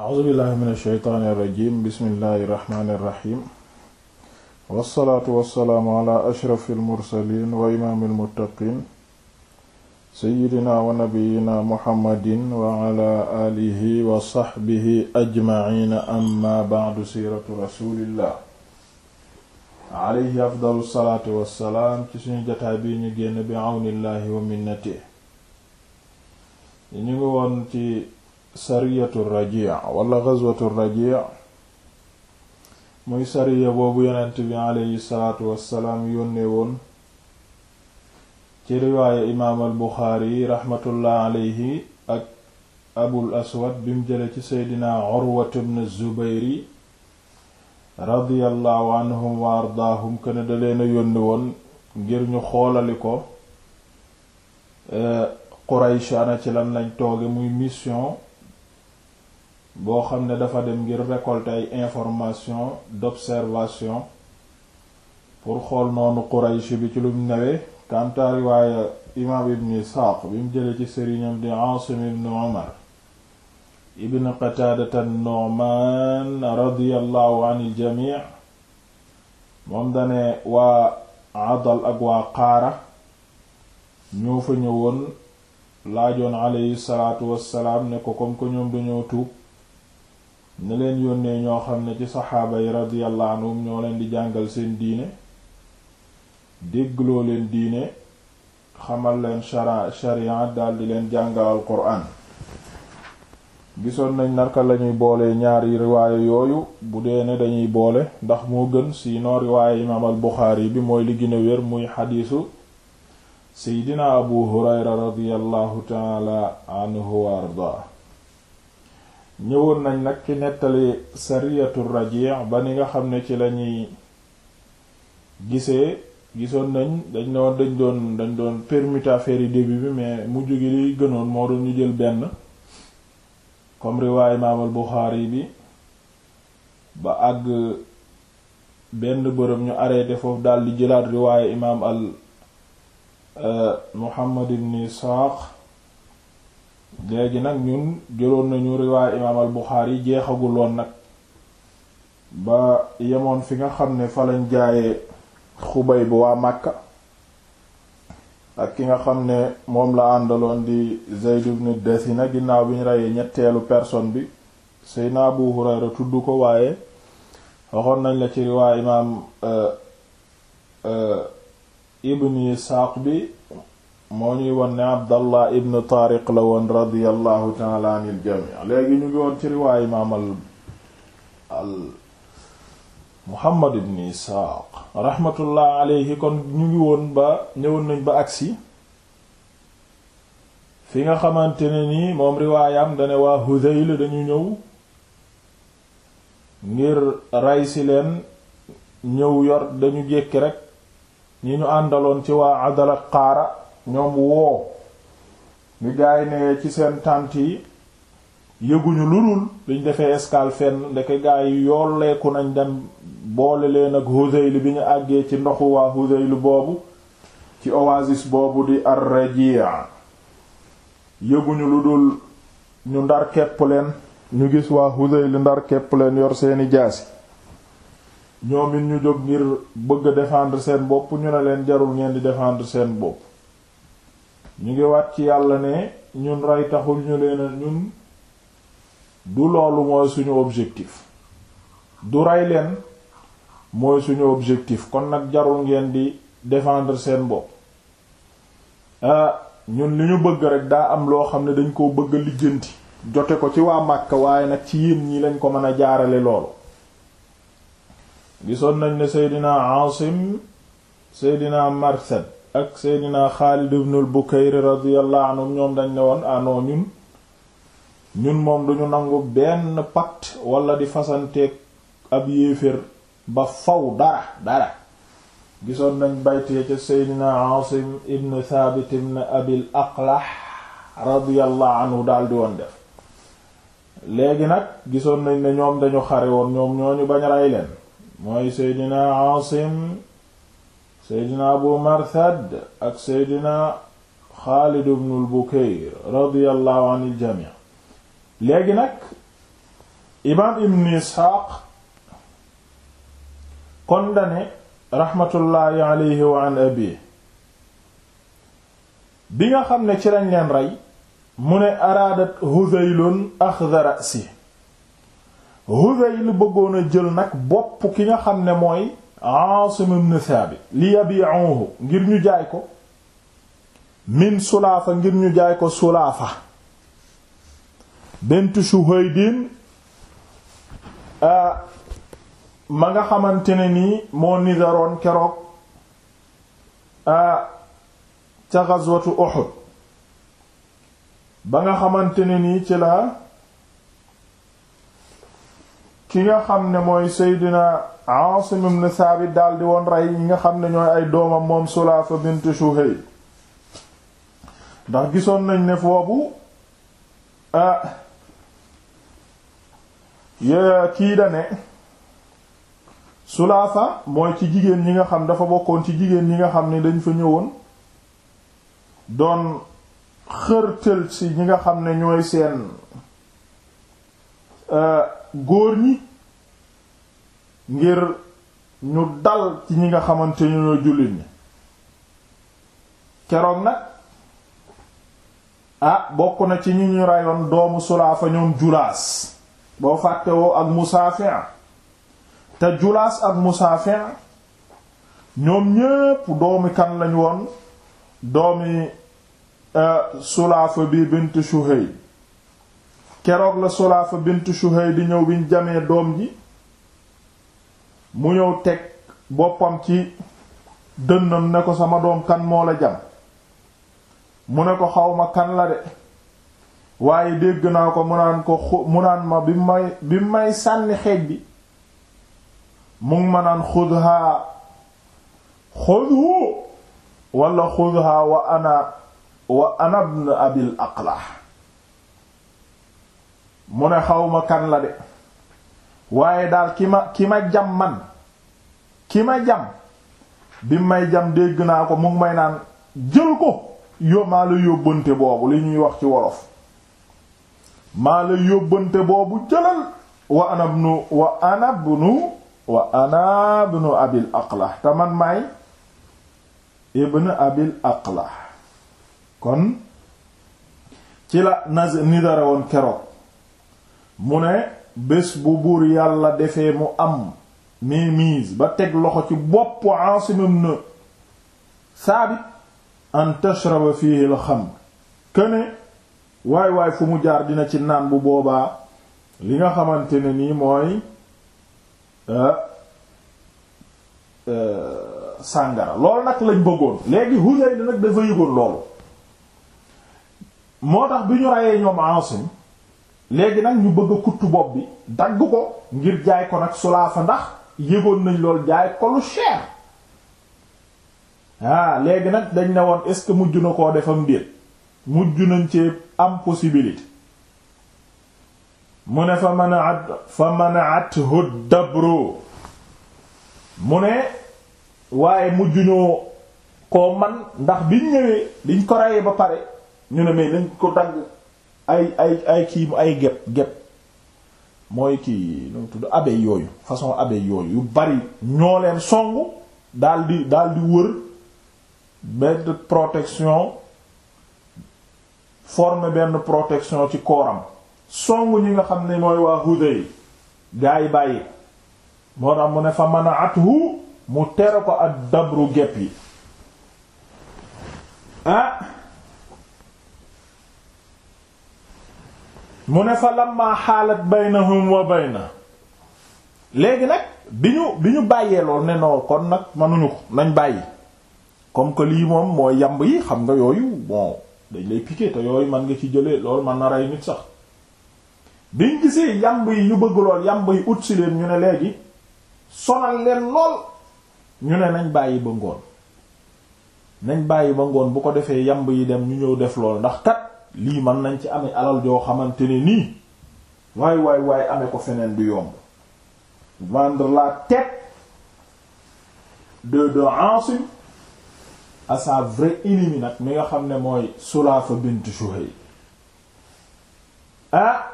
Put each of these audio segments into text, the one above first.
a'uuzu billahi min ash-shaytaani irrajim bismillahi irrahmaani irrahim wassalaatu wassalaamu ala ashrafi almursalin wa imaami almuttaqin seyidina wa nabiyina muhammadin wa ala aalihi wa saxbihi ajmaciina amma bacdu siiratu rasulillah alayhi afdalu salaatu wassalaam ci suñu jataay bi ñu génn bi awnillahi wa minnatihi ñu ngi woon ci sariyatu rajiya wala gazwatu rajiya muy sariya boobu yonent bi aleyhi salaatu wassalaam yónnee woon ci riwaaya imaam al buxaari raxmatullah ak abul aswad bim jële ci seydina urwatu bnu zubayri radiyallahu anhum wa ardaahum këne da yónni woon ngir ñu xoolali ko eh, quraysh ana ci lan lañ tooge muy mission boo xam ne dafa dem ngir récolter ay information d'observation pour xool noonu Quraysh bi ci lum newee kanta riwaaya imaam ibn Isxaaq bi mu jëlee ci sëriñam di Aasim ibn Umar ibn Qataadata an-Nu'maan radiyallahu anil jamii moom dane waa Adal ak waa Qaara ñoo fa ñëwoon laajoon alayhi salaatu wassalaam ne ko comme que ñoom dañoo tuub ne leen yónnee ñoo xam ne ci saxaaba yi radiyallahu ñoo leen di jàngal seen diine déggloo leen diine xamal leen shara sharia daldi leen jàngal al quraan gisoon nañ naka lañuy boole ñaari riwaaye yooyu bu dee ne dañuy boole ndax moo gën sinon riwaaye imaam al buxaari bi mooy li gën a wér muy xadiisu seydina abu hurayra radiyallahu taala anhu wa ñëwoon nañ nag ci nettali sariyatu rajiix ba ni nga xam ne ci lañuy gisee gisoon nañ dañ ne woon dañ doon dañ doon permuter affaire yi début bi mais mu gi li gënoon moo doon ñu jël benn comme riwaay imaamal Buxaari bi ba àgg benn bërëb ñu arrêté foofu daal di jëlaat riwaay imaam al euh, Muhammad ibn Isaaq léegi nag ñun jëloon nañu riwaay imaam al Buxaari jeexaguloon nag ba yemoon fi nga xam ne fa jaaye jaayee xubay bu waa Màkka ak ki nga xam ne moom la àndaloon di Zayd ibn Dasina ginnaaw bi ñu reyee ñetteelu personne bi Seydina Abu Hurayra tudd ko waaye waxoon nañ la ci riwaay imaam euh, euh, Ibn Isaaq bi moo ñuy won ne abdallah ibn taariq la woon radiallahu taala an il jamii léegi ñu ngi woon ci riwaay imaam al al muhammad ibn ishaaq rahmatullah alayhi kon ñu ngi woon ba ñëwoon nañ ba agsi fi nga xamante ne nii moom riwaayam dane waa Hudayl dañu ñëw ngir ray leen ñëw yor dañu jékki rek ñi ñu àndaloon ci waa adala qaara ñoom woo bi gaa yi ne ci seen tànt yi yëguñu lurul ñu defee escale fenn ndeke gaa yi yolleeku nañ dem boole leen ak Huzayl bi ñu àggee ci ndoxu waa Huzayl boobu ci oasis boobu di Ar-Raji'a yëguñu lu dul ñu ndar kepp leen ñu gis waa Huzayl ndar kepp leen yor seeni jaasi ñoom it ñu jóg ngir bëgg defendre seen bopp ñu ne leen jarul ngeen di défendre seen bopp ñu ngi waat ci yàlla ne ñun rey taxul ñu leen ñun du loolu mooy suñu objectif du rey leen mooy suñu objectif kon nag jarul ngeen di défendre seen bopp euh, ñun li ñu bëgg rek daa am loo xam ne dañ koo bëgg a lijjanti jote ko ci waa Màkka waaye nag ci yéen ñi lañ ko mën a jaarale loolu gisoon nañ ne Seydina Asim Seydina Marsad ak Seydina Xaalid ibnul Bukayr radiyallahu anhu ñoom dañ ne woon anoo ah ñun ñun moom duñu nangu benn pacte wala di fasanteeg ab yéefér ba faw dara dara gisoon nañ baytee ca Seydina Asim ibn Thabit ibn Abil Aqlah radiyallahu anhu di woon def léegi nag gisoon nañ ne ñoom dañu xare woon ñoom ñooñu bañ rey leen mooy Seydina Asim seydina abu marthad ak seydina xaalid ibnul bukayr radiyallahu anil jamii léegi nag imaam ibn isxaaq kon dane raxmatullaahi alayhi wa an abi bi nga xam ne ci lañ rey mu ne araadat huzaylun axda rasi huzayl bëggoon a jël nag bopp ki nga xam ne mooy Aasim ibn Thaabit li yabi'uhu ngir ñu jaay ko min sulaafa ngir ñu jaay ko sulaafa bint Shuhaydin ah, ma nga xamante ne nii moo nidaroon keroog ah, ca gazwatu Uhud ba nga xamante ne nii ci la ki nga xam ne mooy Seydina Aasim ibn Saabit daldi woon rey ñi nga xam ne ñooy ay doomam moom Sulaafa bint Shuhayl ndax gisoon nañ ne foofu ah kii da ne Sulaafa mooy ci jigéen ñi nga xam dafa bokkoon ci jigéen ñi nga xam ne dañ fa ñëwoon doon xërtël ci ñi nga xam ne ñooy seen. góor ñi ngir ñu dal ci ñi nga xamante ñu ñoo jullit ñi keroog nag ah bokk na ci ñu ñu reyoon doomu sulaafa ñoom julaas boo fàttewoo ak musaafi' te julaas ak musaafi' ñoom ñépp doomi kan lañ woon doomi euh, sulaafa bi bint Shuhayb keroog la Sulaafa bint Shuhay di ñëw bi jamee doom ji mu ñëw teg boppam ci dënnam ne ko sama doom kan moo la jam mu ne ko xawma kan la de waaye dégg naa ko mu naan ko mu naan ma bi may bi may sànni xeej bi mu ngi ma naan xudha xudhu wala xudha wa ana wa ana abil aqlah mu ne xawma kan la de waaye daal ki ma ki ma jam man ki ma jam bi may jam dégg naa ko mu ngi may naan jël ko maa la yóbbante boobu li ñuy wax ci wolof maa la yóbbante boobu jëlal wa nu wa anabnu wa anabnu abil aqla te man ibn abil aqla kon ci la naz nidara woon keroog mu ne bés bu buur yàlla defee mu am mémise ba teg loxo ci bopp Aasim ibn Saabit an tashraba fihi al-xamr këne waay waay fu mu jaar dina ci naan bu boobaa li nga xamante ne nii mooy euh, euh, sàngara loolu nag lañ bëggoon léegi Hudayl nag dafa yëgoon loolu moo tax bi ñu reyee ñoom Aasim léegi nag ñu bëgg a kutt bopp bi dagg ko ngir jaay ko nag sulaafa ndax yëgoon nañ lool jaay ko lu cher ah léegi nag dañ ne woon est-ce na koo defam mbir mujj nañ ci am possibilité mu ne fa manaat fa manaat hud dabro mu ne waaye mujj ñoo koo man ndax biñ ñëwee diñ ko reyee ba pare ñu ne mais lañ ko dagg ay ay ay kii ay gep gep mooy kii nu tudd abeille yooyu façon abe yooyu yu bari ñoo leen songu daldi daldi wër benn protection forme benn protection ci kooram song ñi nga xam ne mooy waa Hudayl gaa yi bàyyi moo tax mu ne fa mana'athu mu tere ko ak dabru gep yi ah! mu ne fa lamma xaalat baynahum wa bayna léegi nag bi ñu bi ñu bàyyee lool ne noo kon nag mënuñu ko nañ bàyyi comme que lii moom moo yamb yi xam nga yooyu bon dañ lay piqué te yooyu man ngi ci jëlee lool man na rey nit sax biñ gisee yamb yi ñu bëgg lool yamb yi ut si leen ñu ne léegi sonal leen lool ñu ne nañ bàyyi ba ngoon nañ bàyyi ba ngoon bu ko defee yamb yi dem ñu ñëw def lool ndax kat lii man nañ ci amee alal joo xamante ne nii waay waay waay amee ko feneen du yomb vendre la tête de de Asim à sa vraie ennemie nag mi nga xam ne mooy Sulafa bint Shuhay ah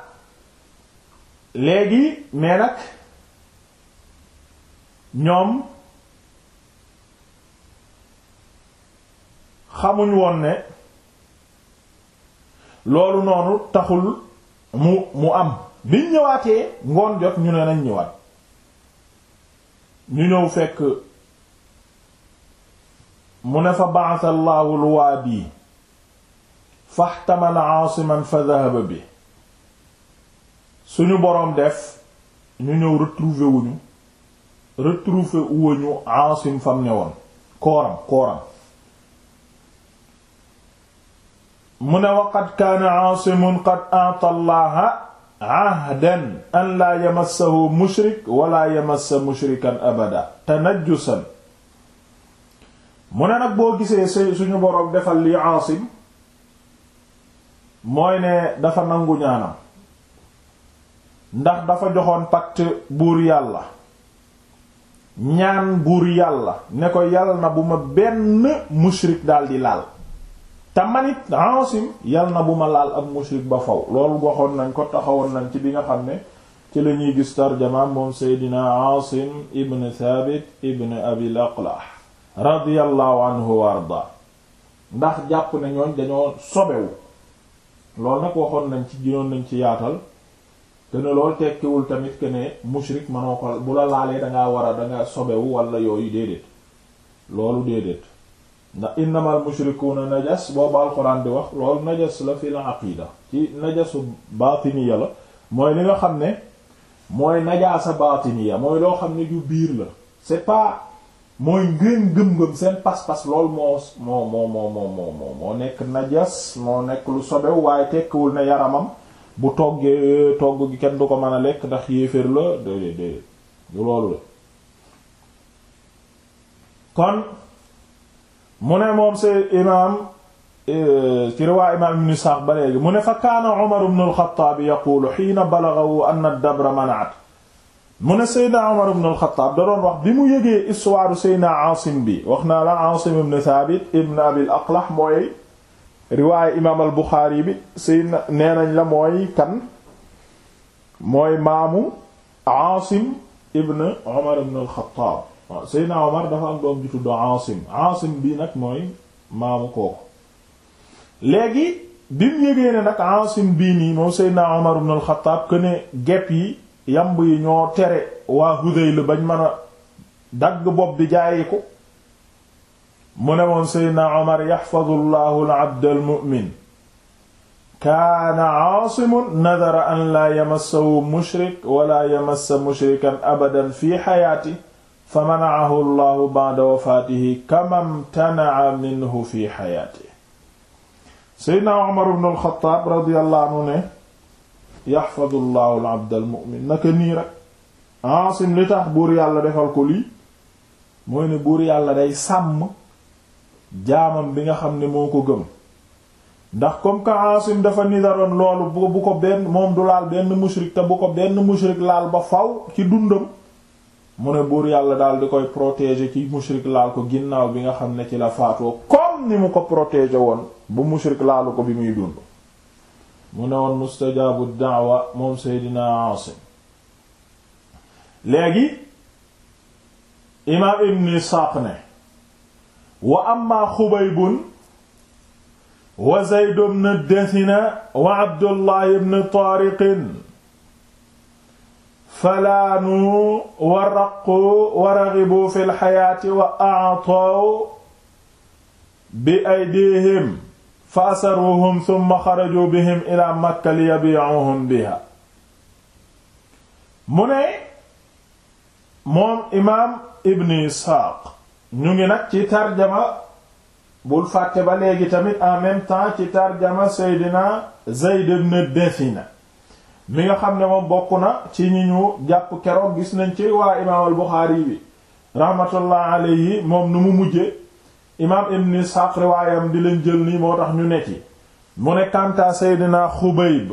léegi mais nag ñoom xamuñ woon ne loolu noonu taxul mu mu am biñ ñëwaatee ngoon jot ñu ne nañ ñëwaat ñu ñëw fekk mu ne fa ba'atha Allahu al-waadi fahtamala 'aasiman fa dhahaba bi suñu boroom def ñu ñëw retrouver wuñu retrouver wuñu 'aasim fam ne woon kooram kooram mu ne waqad kaana aasimun qad a'ta allaha ahdan an laa yamassahu mushrik wala yamassa mushrikan abada tanajjusan mu ne nag boo gisee suñu boroom defal li aasim mooy ne dafa nangu ñaanam ndax dafa joxoon pacte buur yàlla ñaan buur yàlla ne ko yàlla na bu ma benn mushrik daldi laal te manit Aasim yal na bu ma laal ak mushrik ba faw loolu waxoon nañ ko taxawoon nañ ci bi nga xam ne ci lañuy gis tarjama moom seydina Aasim ibn Thabit ibn Abil Aqlah radiyallahu anhu wa arda ndax jàpp ne ñooñ dañoo sobewu loolu nag waxoon nañ ci ginoon nañ ci yaatal te ne loolu tekkiwul tamit que ne mushrik manoo ko bu la laalee dangaa war a danga sobewu wala yooyu déedéet loolu déedéet ndax innamal mushrikuuna najas boobu alxuraan di wax loolu najas la fi la aqida ci najasu baatiniya la mooy li nga xam ne mooy najaasa baatiniya mooy loo xam ne ju biir la c'est pas mooy ngeen gëm-gëm seen pas-pas loolu moo moo moo moo moo moo nekk najas moo nekk lu sobew waaye tekkiwul ne yaramam bu toggee togg gi kenn du ko mën a lekk ndax yéeféer la de de de loolu la kon mu ne moom see imaam e, ci riwaa imaam ibn Isxaaq ba léegi mu ne fa kaana Umar ibn al-Xattaab yaquulu hiina balagahu anna ad-dabra mana'at mu ne Seydina Umar ibn al-Xattaab da doon wax bi mu yëgee histoire Seydina Aasim bi wax naa la Aasim ibn Thaabit ibn Abil Aqlah mooy riwaaye imaam al-Buxaari bi Seydina nee nañ la mooy kan mooy maamu Aasim ibn Umar ibn al-Xattaab waaw Seydina Omar dafa am doom ju tudd Asim Asim bii nag mooy maamu kooku léegi bi mu yëgee ne nag Asim bii nii moom Seydina Omar ibn al-Khattab que ne gepp yi yamb yi ñoo tere waa Hudayl bañ mën a dagg bopp bi jaayi ko mu ne moom Seydina Omar yaxfadu llahu al-abda al-mu'min kaana aasimun nadara an laa yamassahu mushrik wala yamassa mushrikan abadan fi xayaati fa manaahu llahu ba'da wafaatihi kama mtana'a minhu fi xayaatihi seydna umar bnu alxataab radiyallahu anhu ne yaxfadu llahu al-abda al-mu'min naka nii rek aasim ah, li tax buur yàlla defal ko lii mooy ne buur yàlla day sàmm jaamam bi nga xam ne moo ko gëm ndax comme que aasim ah, dafa nidaroon loolu bu ko benn moom du laal benn mushrik te bu ko benn mushrik laal ba fow ci dundam mu ne buur yàlla daal di koy protéger ci mushrik laal ko ginnaaw bi nga xam ne ci la faatoo comme ni mu ko protéger woon bu mushrik laalu ko bi muy dund mu ne woon mustajaabu daawa moom seydina Asim léegi imaam ibn Isaaq ne wa amma Xubaybun wa Zayd ibn Dathina wa Abdullah ibn Taariqin falaanu wa raqu wa raxibu fi lxayaati wa aataw bi aydihim fa asaruhum summa xaraju bihim ila makka li yabiicuhum biha mu ne moom imaam ibni isxaaq ñu ngi nag ci tarjama bul fàtte ba léegi tamit en même temps ci tarjama seydina zeyd ibn desina li nga xam ne moom bokk na ci ñi ñu jàpp keroog gis nañ ci waa imaam al Buxaari bi rahmatullah alayhi moom nu mu mujje imaam ibn Isxaaq riwaayam di leen jël nii moo tax ñu ne ci mu ne kanta Seydina Xubayb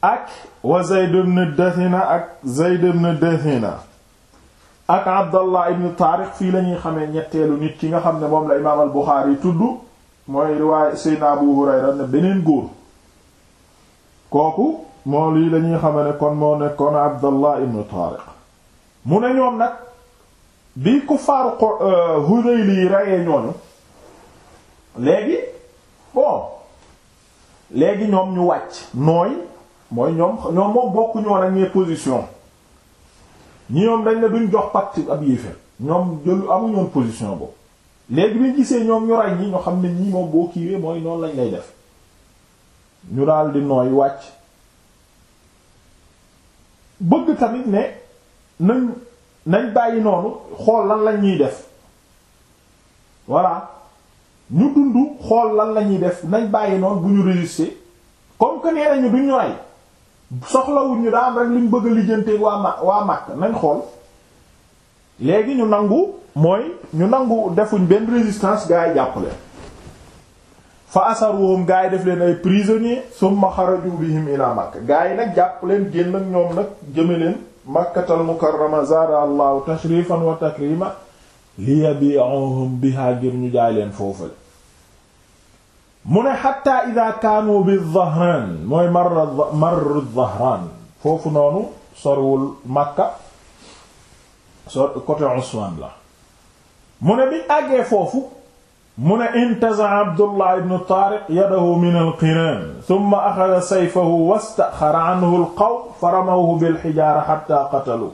ak wa Zayd ibn ak Zayd ibn Dathina ak Abdallah ibn Taariq fii la ñuy xamee ñetteelu nit ki nga xam ne moom la imaam al Buxaari tudd mooy riwaaya Seydina Abu Hurayra ne beneen góor kooku moo lii la ñuy xama ne kon moo nekkoon Abdallah ibn Taariq mu ne ñoom nag bi ku faaru euh, Hudayli yi rayee ñooñu léegi bon léegi ñoom ñu wàcc nooy mooy ñoom ñoom moom bokku ñoo ak ñee position ñi ñoom dañ ne duñ jox pacte ab yéeféer ñoom jëlu amuñoon position boobu léegi bi ñu gisee ñoom ñu ray ñoo xam ne ñii moom boo kiiwee mooy noonu lañ lay def ñu daal di nooy wàcc bëgg tamit ne nañ nañ bàyyi noonu xool lan la ñuy def voilà ñu dund xool lan la ñuy def nañ bàyyi noonu bu ñu résister comme que nee nañu duñ ñu rey soxlawuñ ñu daa rek luñ bëgg a lijjanteeg waa ma waa màkk nañ xool léegi ñu nangu mooy ñu nangu defuñ benn résistance gaa yi jàppale fa asaruhum gaa yi def leen ay prisonniers summa xaraju bihim ila Makka gaa yi nag jàpp leen génn ak ñoom nag jëme leen Makkatal mukarrama zaada allahu tashrifan wa takrima liyabi'uhum biha ngir ñu jaay leen foofu la mu ne xatta ida kaanu bi Dhahraan mooy marra marru Dhahraan foofu noonu sorwul Makka sor côté la mu ne bi àggee foofu mu ne intaza abdullah ibnu taariq yadahu min alqiraan summa axada sayfahu wastaxara anhu alqawm fa ramawhu bilxijaara xatta qatalu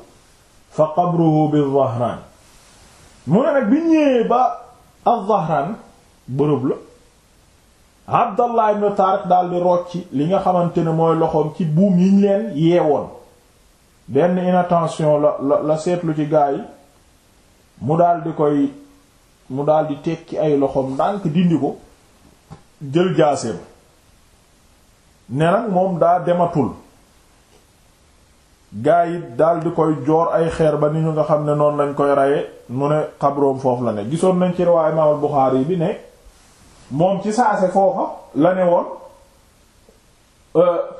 fa qabruhu bizahraan mu ne nag bi ñëwee ba azzahraan bërëb la abdallah ibnu taariq li nga xamante ni mooy loxoom ci buum yiñ leen yeewoon benn inattention la la la seetlu ci gaa yi mu daldi koy mu daal di tekki ay loxoom ndànk dindi ko jël jaaseem ne nag moom daa dematul gaa yi daal di koy joor ay xeer ba ni ñu nga xam ne noonu lañ koy raye mu ne xabroom foofu la ne gisoon nañ ci riwaay imaam al yi bi ne moom ci saase foofa la ne woon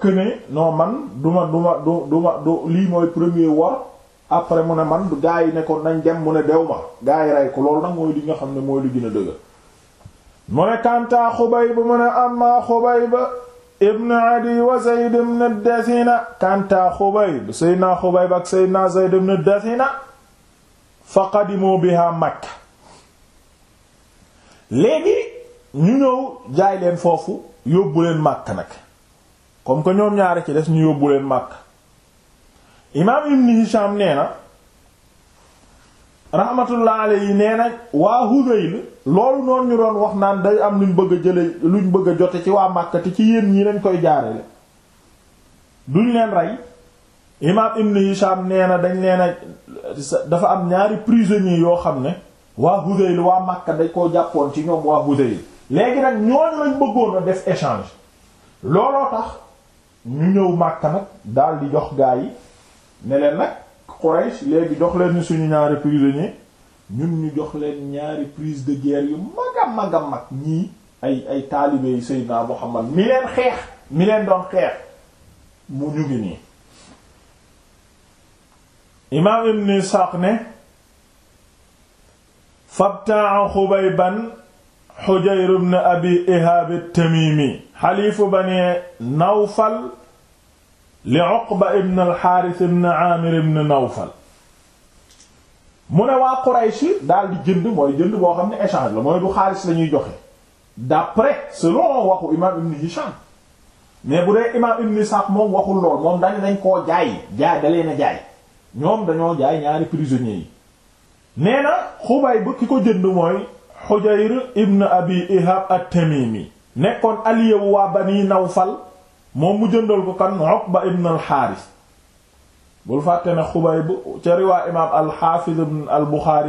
këne euh, non man duma duma du duma du lii mooy premier war après mu ne man gaa yi ne ko nañ dem mu ne dew ma gaa yi rey ko loolu nag mooy li nga xam ne mooy lu gën a dëgg mu ne kantaa Xubayb mu ne amma Xubayb ibn Adi wa Zayd ibn Dathina kantaa Xubayb Seydina Xubayb ak Seydina Zayd ibn Dathina faqadimu biha Makka léegi ñu ñëw jaay leen foofu yóbbu leen Makka nag comme que ñoom ñaari ci des ñu yóbbu leen Makka imaam ibn Hisham nee na rahmatullah alayhi nee na waa Hudayl loolu noonu ñu doon wax naan day am luñ bëgg a jële luñ bëgg a jote ci waa Makka te ci yéen ñi lañ koy jaarale duñ leen rey imaam ibn Hisham nee na dañ leen dafa am ñaari prisonniers yoo xam ne waa Hudayl waa Makka dañ koo jàppoon ci ñoom waa Hudayl léegi nag ñooñu lañ bëggoon a def échange looloo tax ñu ñëw Makka nag daal di jox gaa yi ne leen nag Quraysh léegi jox leen ñu suñu ñaari prisonnier prise de guerre yu mag a mag a ñii ay ay taalibe yi Seydina Muhammad mi leen xeex mi leen doon xeex mu ñu ngi nii imaam Ibn Isxaaq ne fabtaa Xubayban Xujayr ibn Abi Ihaab at-Tamimi xaliifu Bani Nawfal li Uqba ibn al-Haaris ibn Aamir ibn Nawfal mu ne waa Quraysh daal di jënd mooy jënd boo xam ne échange la mooy du xaalis la ñuy joxe d'après selon waxu imaam ibn Hisham mais bu dee imaam ibn Ishaq moom waxul lool moom dañ dañ koo jaay jaay dalee na jaay ñoom dañoo jaay ñaari prisonniers yi nee na Xubayb ki ko jënd mooy Hujayr ibn Abi Ihab at-Tamimi nekkoon aliyewu waa Bani Nawfal moom mu jëndal ko kan Uqba ibn al bul fàtte ne Xubayb ca riwaa imaam al ibn al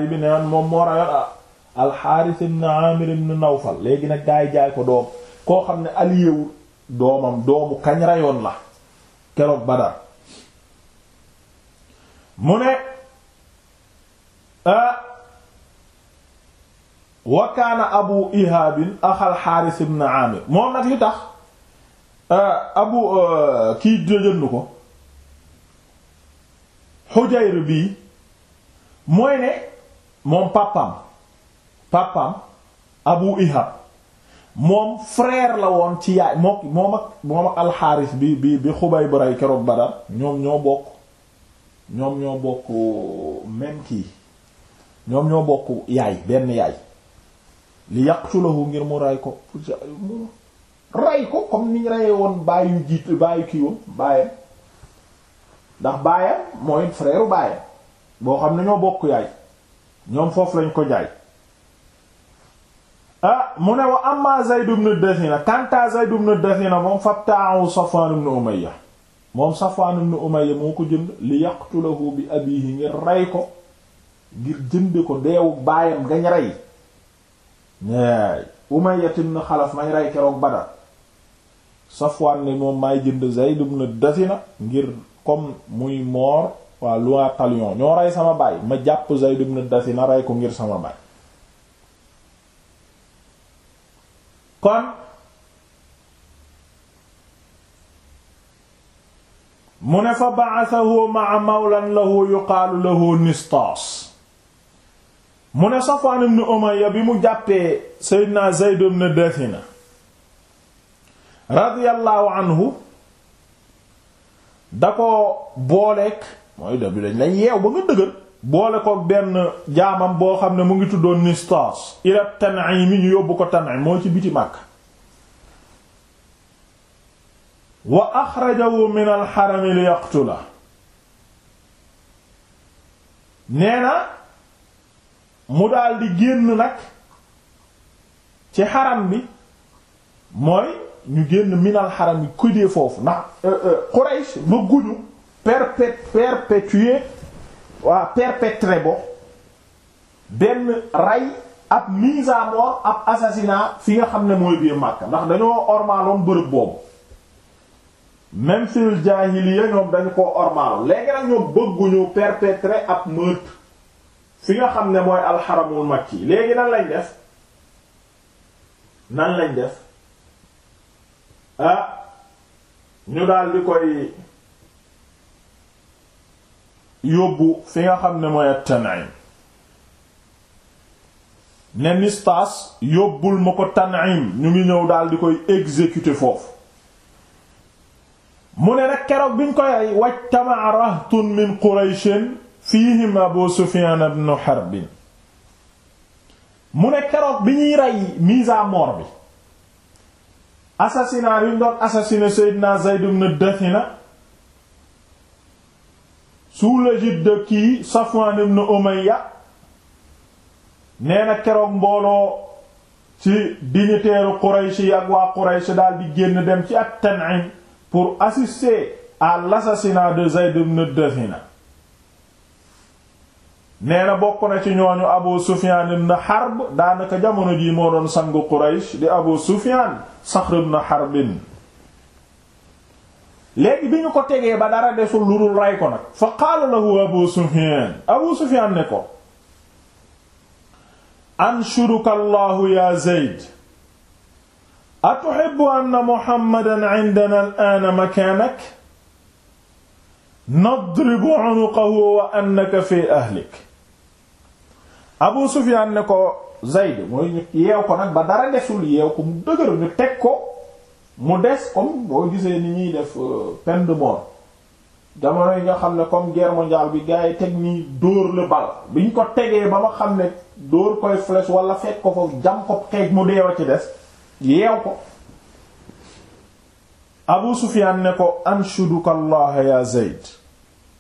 bi neen moom moo rayoon ah, al-Haaris ibn Aamir ibn Nawfal léegi nag gaa yi jaay ko doom koo xam ne aliyewu doomam doomu kañ rayoon la keroog Badar mu ne ah, wa Abu Ihaab axal Haaris ibn Aamir moom nag li tax Euh, abu euh, kii jënd ko Hujayr bii mooy ne moom papam papam abu ihab moom frère la woon ci yaay moo moom ak moom ak alxaaris bi bi bi xubay bu rey keroog ñoom ñoo bokk ñoom ñoo bokk même kii ñoom ñoo bokk yaay benn yaay li yaqtulahu ngir mu rey ko rey ko comme niñ reyee woon bàyyu jiit bàyyu kii woon bàyyam ndax bàyyam mooy frère bàyyam boo xam ne ñoo bokk yaay ñoom foofu lañ ko jaay ah mu ne wa amma Zayd ibn Dathina kanta Zayd ibn Dathina moom fattaahu Safwan ibn Umayya moom Safwan ibn Umayya moo ko jënd li yaqtulahu bi abihi ngir rey ko ngir jënde ko deewu baayam gañ rey ñaay Umayya ibn Xalaf mañ rey keroog Badar Safwaan ne moom maay jënd Zayd ibn Dasina ngir comme muy moor waa Loa talion ñoo rey sama baay ma jàpp Zayd ibn Dasina rey ko ngir sama baay kon mu ne fa ba'athahu ma'a mawlan lahu yuqaalu lahu Nistaas mu ne Safwaan ibn Umayya bi mu jàppee Seydina Zayd ibn Dasina radiyallahu anhu da ko booleek mooy dabi yeew ba nga dëgër boole kook benn jaamam boo xam ne mu ngi tuddoon nistaas ila Tan'im ñu yóbbu ko Tan'im moo ci biti màkk wa axrajahu min alxarami li yaqtula nee na mu daal di génn nag ci xaram bi mooy ñu génn minal xaram yi kudee foofu ndax euh, euh, Quraysh bëgguñu perpét perpétuer waa perpétrer bo benn rey ab mise à mort ab assassinat fi nga xam ne mooy biir Makka ndax dañoo ormaaloon bërëb boobu même fil jaahiliya ñoom dañu ko ormaaloon léegi nag ñoom bëgguñu perpétrer ab meurtre fi nga xam ne mooy alxaramul makki léegi nan lañ def nan lañ def ah ñu daal koy yóbbu fi nga xam ne mooy at-Tan'im ne Mistaas yóbbul ma ko Tan'im ñu ngi ñëw daal koy exécuter foofu mu ne nag keroog biñ koy rey wajtama'a rahtun min Qurayshin fiihim Abu Sufyaan ibn Harb mu ne keroog bi ñuy rey mise à bi assassinat yu ñu doon assassiné Seydina Zayd ibn Dathina sous l'égide de kii Safwan ibn Umayya nee na keroog mbooloo ci dignitaires Quraysh yi ak waa Quraysh daal di génn dem ci at-Tan'im pour assister à l'assassinat de Zayd ibn Dathina nee na bokk na ci ñooñu abu sufyan ibn harb daanaka jamono jii moo doon sangu quraysh di abu sufyan saxr ibn harbin léegi bi ñu ko tegee ba dara desul lu dul ray ko nag fa qaala abu sufyan abu sufyan ne ko anshuruka allahu ya zayd atuhibbu anna muhammadan indana al'aana makaanak nadribu unuqahu wa annaka fi ahlik Abu Sufyaan ne ko Zayd mooy ñu yeew ko nag ba dara desul yeew ko mu dëgër ñu teg ko mu des comme boo gisee ni ñuy def euh, peine de mort jamono yi nga xam ne comme guerre mondiale bi gars yi teg nii dóor la bal ñu ko tegee ba ma xam ne dóor koy flèche wala fekk ko ko jam ko xeej mu deewa ci des yeew ko Abu Sufyaan ne ko anshuduka Allah ya Zayd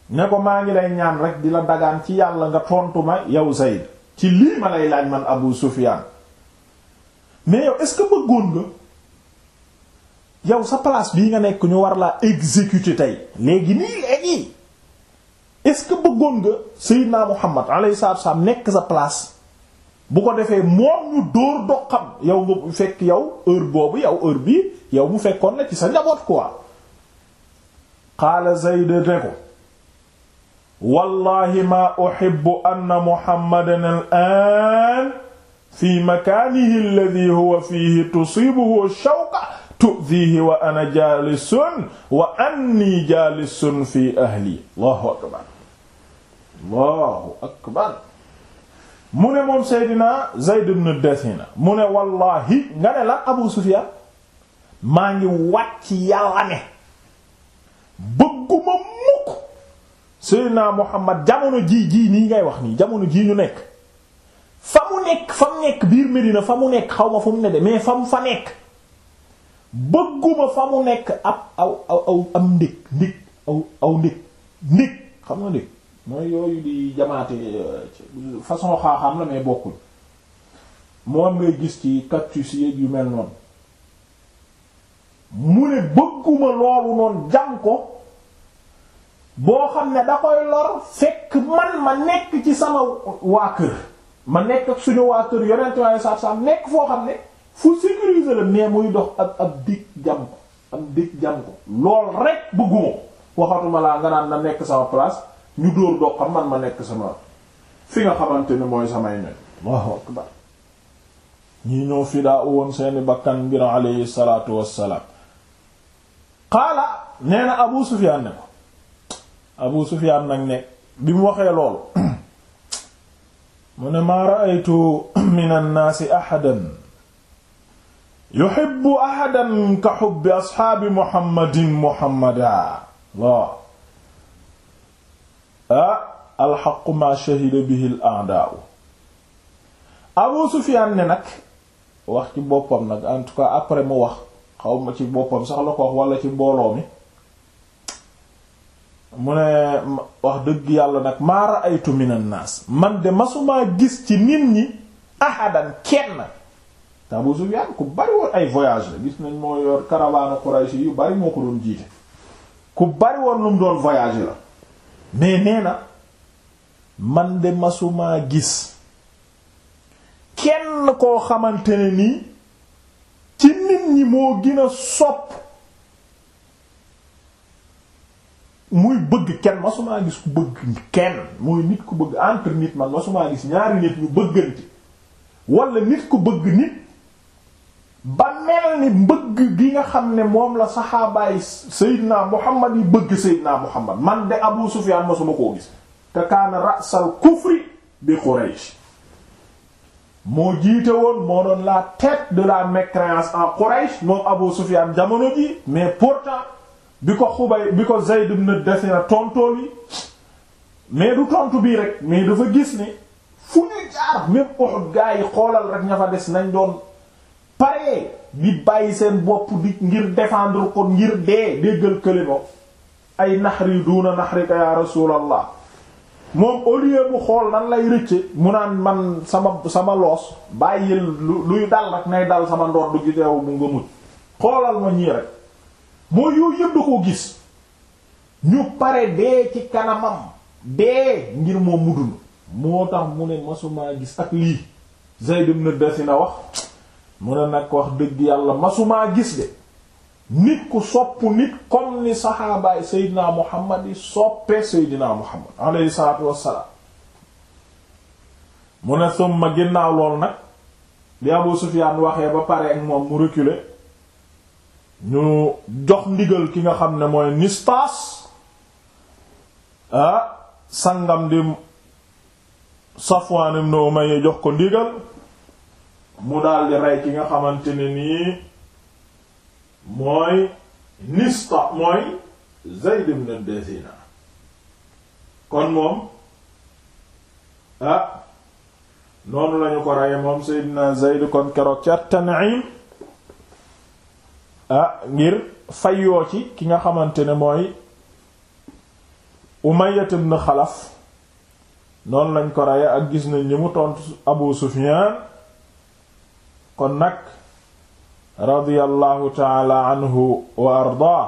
ne ko maa ngi lay ñaan rek dina dagaan ci yàlla nga tontu ma yow Zayd ci lii ma lay laaj man Abu Sufyan mais yow est-ce que bëggoon nga yow sa place bii nga nekk ñu war laa exécuter tey léegi nii léegi est-ce que bëggoon nga Seydina Muhammad alayhi salaatu wa salaam nekk sa place bu ko defee moom ñu dóor doxam yow nga fekk yow heure boobu yow heure bi yow mu fekkoon na ci sa njaboot quoi xaala Zayd ne ko wallahi ma uhibbu anna muhammadan al'aan fi makaanihi alladhi huwa fihi tusiibuhu shawka tu'dhihi wa ana jaalisun wa anni jaalisun fi ahli allahu akbar allahu akbar mu ne moom Seydina Zayd ibn Dathina mu ne wallaahi nga ne la Abu Sufyaan maa ngi wàcc yàlla ne naa Muhammad jamono jii jii nii ngay wax nii jamono jii ñu nekk fa mu nekk fa mu nekk biir Medina fa mu nekk xaw ma fu mu ne de mais fa mu nekk bëgguma nekk ab aw xam nga ndég mooy yooyu di jamaate euh, façon xaaxaam la mais bokkul moom ngay gis ci cactus yu mel noonu mu ne bëgguma loolu noonu jam ko boo xam ne da koy lor fekk man ma nekk ci sama waa kër ma nekk suñu waa kër yonent ma saab saab nekk foo xam ne fu sécuriser la mais muy dox ak ak dig jam ko ab dig jam ko lool rek bëgguma waxatuma laa nga naan na nekk sama place ñu dóor doo xam man ma nekk sama fi nga xamante ni mooy samay mel Allahu akbar ñi ñoo fi daa woon seeni bakkan ngir alayhi salaatu wassalaam qaala nee na Abu Sufyaan ne ko Abu Sufyaan nag ne bi mu waxee loolu mu ne maa ra'aytu min annaasi ahadan yuhibbu ahadan ka hubbi asxaabi muhammadin muhammada waaw ah alxaqu maa shahida bihi al Abu Sufyaan ne nag wax ci boppam nag en tout cas après mu wax xaw ma ci boppam sax la ko wax wala ci mbooloo mi mu ne wax dëgg yàlla nag maa ay minan naas man de masumaa gis ci nit ñi ahadan kenn te Abu Sufyaan ku bari woon ay voyage la gis nañ moo yor caravane Quraysh yu bari moo ko doon jiite ku bari woon lu doon voyage la mais nee na man de masumaa gis kenn koo xamante ne nii ci nit ñi moo gën sopp muy bëgg kenn masumaa gis ku bëgg kenn mooy nit ku bëgg entre nit man masumaa gis ñaari nit ñu bëggante wala nit ku bëgg nit ba mel ni bëgg gi nga xam ne moom la saxaabaay Seydina Muhammad yi bëgg Seydina Muhammad man de Abu Sufyaan masuma koo gis te kaana rasal kufri bi Quraysh moo jiite woon moo doon la tête de la mécréance en Quraysh moom Abu Sufyaan jamono ji mais pourtant bi ko xubay bi ko Zayd ibn Dasina tontool yi mais du tontu bii rek mais dafa gis ni fu ñu jaar même Uhud gaa yi xoolal rek ña fa des nañ doon paree di bàyyi seen bopp di ngir défendre ko ngir dee déggal kële ba ay naxari duuna naxari ka yaa rasulallah moom au mu xool nan lay rëcce mu naan man sama sama loos bàyyil luy dal rek nay dal sama ndoor du gi teew mu nga muj xoolal ma ñii rek mooy yooyu yëpp da koo gis ñu pare dee ci kanamam dee ngir moom mu dund moo tax mu ne masumaa gis ak lii Zayd ibn Dasina wax mu ne nag wax dëgg yàlla masumaa gis de nit ku sopp nit comme ni saxaabaay Seydina Muhammad yi soppee Seydina Muhammad alayhi salaatu wassalaam mu ne summa ginnaaw lool nag li Abu Sufyaan waxee ba pare ak moom mu reculer ñu jox ndigal ki nga xam ne mooy nistaas ah sangam di Safwaan ibn Umayya jox ko ndigal mu daldi rey ki nga xamante ne nii mooy nista mooy Zayd ibn Dasina kon moom ah, noonu lañu ko reye moom Seydina Zayd kon keroog ca Tan'im ah ngir fayoo ci ki nga xamante ne mooy Umayya ibn Xalaf noon lañ ko reye ak gis nañ ñi mu tontu Abu Sufyaan kon nag radiyallahu taala anhu wa ardaa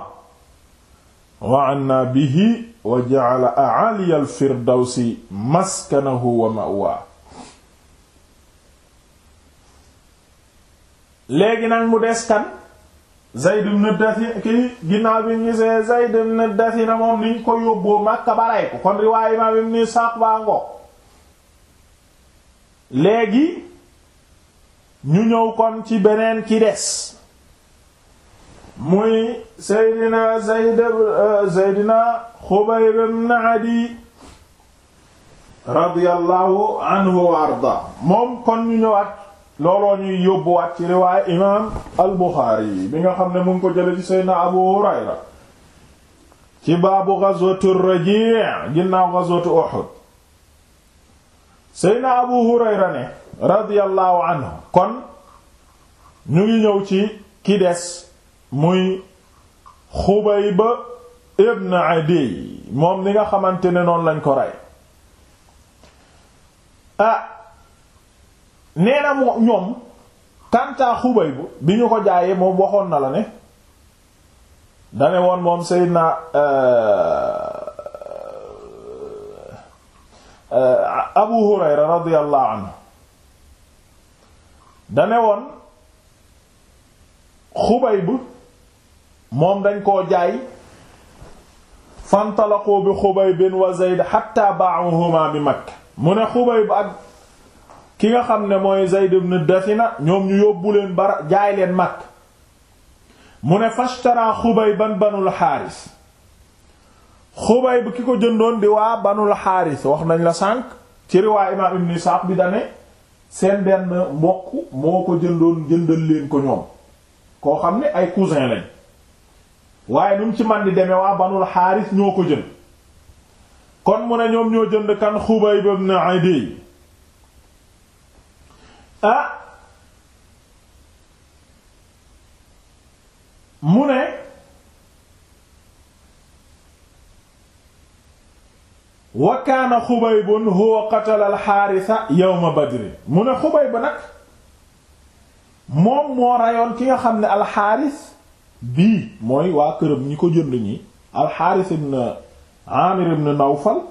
wa anna bihi wa ja'ala a'ali al-firdawsi maskanahu wa ma'waa léegi nag mu des kan Zayd ibn Dathina kii ginnaaw bi ñu gisee Zayd ibn Dathina moom niñ ko yóbboo Makka ba rey ko kon riwaay imaam Ibn Isaaq baa ngoog léegi ñu ñëw kon ci beneen ki des muy Seydina Zayd euh, Seydina Xubayb ibn Adi radiyallahu anhu wa arda moom kon ñu ñëwaat looloo ñuy yóbbuwaat ci riwaaya imaam al-Buxaari yi bi nga xam ne mu ngi ko jële ci Seydina Abu Hurayra ci baabu ghazwatu Raji' ginnaaw ghazwatu Uhud Seydina Abu Hurayra ne radiyallahu anhu kon ñu ngi ñëw ci ki des muy Xubayba ibn Adiy moom ni nga xamante ne noonu lañ ko rey ah, nee na ñoom kantaa Xubayb bi ñu ko jaayee moom waxoon na la ne dane woon moom Seydina euh, euh, Abu Hurayra radiyallahu anhu dane woon Xubayb moom dañ koo jaay fantalaqu bi Xubayb wa Zayd hatta ba'uhuma bi Makka mu ne Xubayb ak ki nga xam ne mooy Zayd ibn Dathina ñoom ñu yóbbu leen bara jaay leen mag mu ne ba Xubayban banul Xaaris Xubayb ki ko jëndoon di waa banul Xaaris wax nañ la sànq ci riwaay imaam Ibn Isaaq bi dane seen benn mbokk moo ko jëndoon jëndal leen ko ñoom koo xam ne ay cousin lañ waaye nu mu ci man di demee waa banul Xaaris ñoo ko jënd kon mu ne ñoom ñoo jënd kan Xubayb ibn Adiy ah mu ne wa kaana xubaybun huwa qatala alxaarisa yawma badrin mu ne xubayba nag moom moo rayoon ki nga xam ne alxaaris bii mooy waa këram ñi ko jënd ñi alxaaris ibn amir ibn nawfal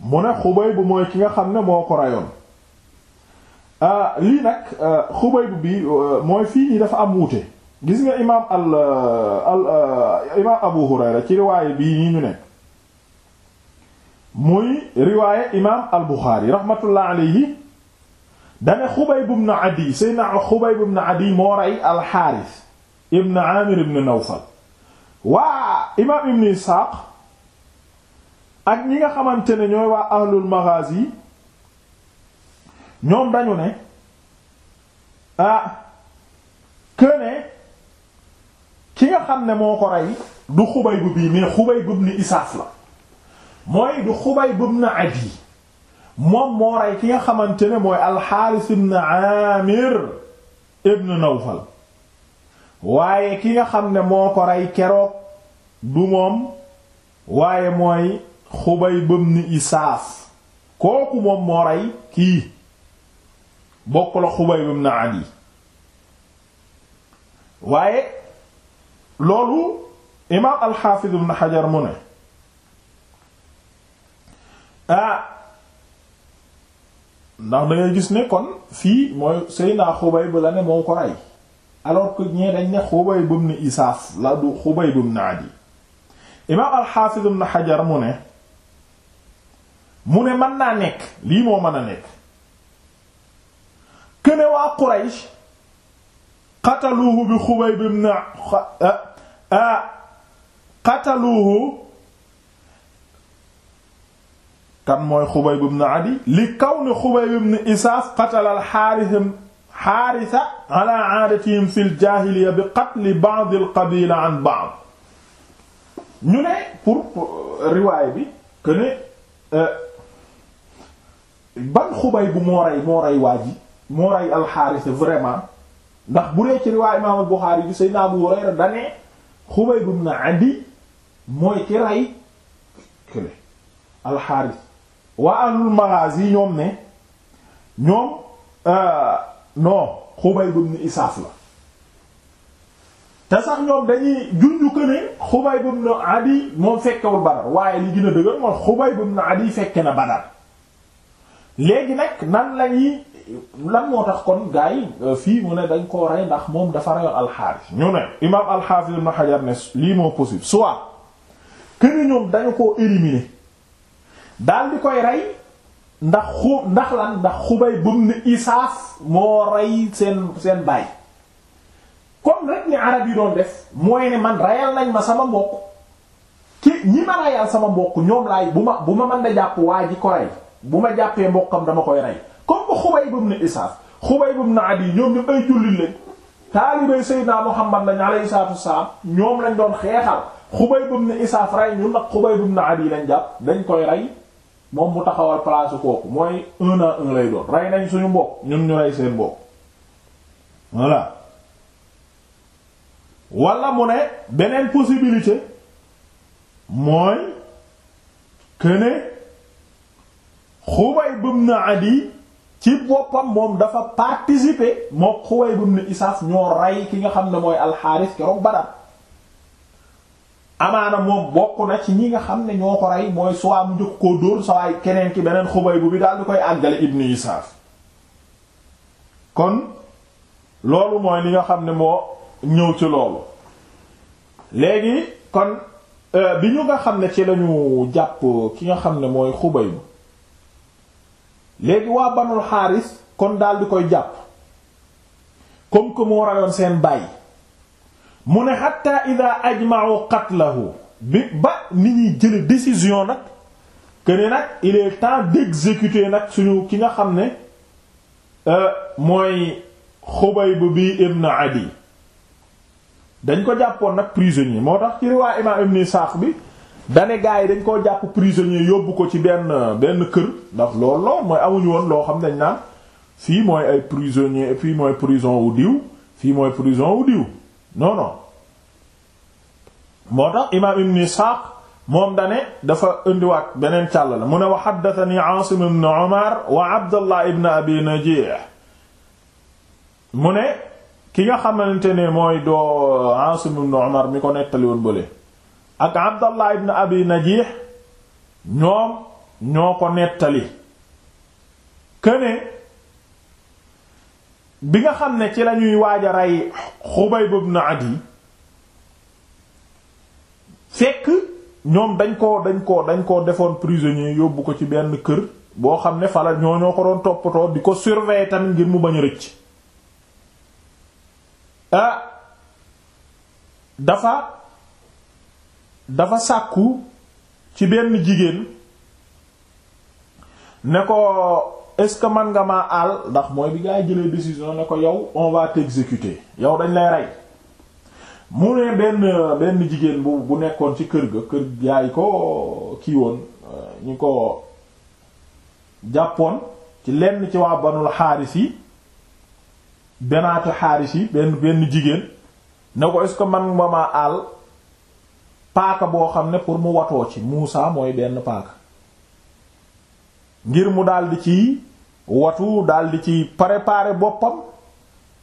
mu ne xubayb mooy ki nga xam ne moo ko rayoon Euh, lii nag euh, xubayb bi euh, mooy fii dafa am wuute gis nga imaam al abu hurayra ci riwaaye bii nii ñu nekk muy riwaaye imaam al buxaari rahmatullah alayhi dane xubayb ibn adi sayna xubayb ibn adi moo rey al xaaris ibn amir ibn nawfal imaam ibn isxaaq ak ñi nga xamante ne ñooy waa ahlul maghazi ñoom dañu ne ah kër ne ki nga xam ne moo ko rey du Xubayb bii mais Xubayb ibn Isaaf la mooy du Xubayb ibn Adi moom moo rey ki nga xamante ne mooy Al-Haaris ibn Aamir ibn Nawfal waaye ki nga xam ne moo ko rey keroog du moom waaye mooy Xubayb ibn Isaaf kooku moom moo rey kii bokk la Xubayb ibn Adi waaye loolu imaam al-Hafiz ibn Hajar mu ne ah, ndax da gis ne kon fii mooy Seydina Xubayb la ne moo ko rey alors que ñee dañ ne Xubayb ibn Isaaf la du Xubayb ibn Adi imaam al-Hafiz ibn mu ne mu ne mën naa nekk lii moo mën a nekk këne waa Quraysh qataluuhu bi Xubayb ibn qataluuhu kan mooy Xubayb ibn Adi li kawni Xubayb ibn Isaaf qatala al-Haaris xaarisa ala aadatihim fi ljahilia bi qatli ba'd alqabila an ba'd ñu ne pour riwaay bi que ne euh, ban xubay bu moo rey moo rey waa ji moo rey alxaaris vraiment ndax bu dee ci riwaay imaamul Buxaari bi Seydina Abu Hurayra danee Xubayb ibn Adi mooy ki rey kële alxaaris waa ahlul maghazi ñoom ne ñoom euh, non Xubayb ibn Isaaf la te sax ñoom dañuy junju que ne Xubayb ibn Adi moom fekkewul Badar waaye li gën a dëgër mooy Xubayb ibn Adi fekke na Badar léegi nag nan lañuy lan moo tax kon gars yi euh, fii mu ne dañ koo rey ndax moom dafa reyoon alxaaris ñu ne imaam alxaafis ibn Hajar ne lii moo possible soit que ni ñoom dañu koo éliminer daal di koy rey ndax xu ndax lan ndax xubay bum ne moo rey seen seen baay comme rek ni def mooy ne man reyal nañ ma sama mbokk ki ñi sama mbokk ñoom bu ma bu ma mën da jàpp waa ji ko rey bu ma jàppee mbokkam dama koy rey comme que ay jullit lañ taalibey Seydina Muhammad lañ alayhi salaatu lañ doon xeexal Xubayb ibn Isaaf dañ koy rey moom mu taxawal place kooku mooy un à lay doon rey nañ suñu mbokk ñun ñu rey seen mbokk voilà wala mu ne beneen possibilité mooy que ne Xubayb ibn Adi ci boppam moom dafa participer moo Xuwaylid ibn Isaaf ñoo rey ki nga xam ne mooy alxaaris keroog Badar amaana moom bokk na ci ñi nga xam ne ñoo ko rey mooy soit am njëkk koo dóor sa waay keneen ki beneen Xubayb bi daal di koy àggale ibnu Isaaf kon loolu mooy li nga xam ne moo ñëw ci loolu léegi kon euh, bi ñu nga xam ne ci lañu jàpp ki nga xam ne mooy Xubayb léegi waa banul xaaris kon daal di koy jàpp comme que moo rayoon seen bàyyi mu ne xatta ida ajma'u qatlahu bi ba ni ñuy jële décision nag que ne nag il temps d'exécuter nag suñu ki nga xam ne euh, mooy Xubayb bi ibn Adi dañ ko jàppoon nag prisonnier moo tax ci riwaa imaam ibn Isaaq bi dane gaa yi dañ koo jàpp prisonnier yóbbu ko ci benn benn kër ndax loolu lool mooy amuñu woon loo xam dañ naan fii mooy ay prisonnier fii mooy prison wu diw fii mooy prison wu diw noonu non moo tax imaam ibn Isxaaq moom dane dafa indiwaat beneen càll la mu ne wa haddathani Aasim ibn Umar wa Abdullah ibn Abi Najiih mu ne ki nga xamante ne mooy doo Aasim ibn Umar mi ko nettali woon bële ak abdallah ibn abi najih ñoom ñoo ko nettali këne bi nga xam ne ci lañuy waaj a rey xubayb ibn adi fekk ñoom dañ ko dañ ko dañ ko defoon prisonnier yóbbu ko ci benn kër boo xam ne fala ñoo ñoo ko doon toppatoo di ko surveiller tamit ngir mu bañ a rëcc ah, dafa dafa sàkku ci benn jigéen ne ko est-ce que man nga maa àll ndax mooy bi ngay jëlee décision ne ko yow on va t'exécuter yow dañ lay rey mu ne benn benn jigéen bu bu nekkoon ci kër ga kër yaay ko kii euh, ñu ko jàppoon ci lenn ci waa banul xaaris yi benaatu xaaris yi benn benn jigéen ne ko est-ce que man nga maa àll paaka boo xam ne pour mu watoo ci Muusa mooy benn paaka ngir mu daldi ci watu daldi ci préparer boppam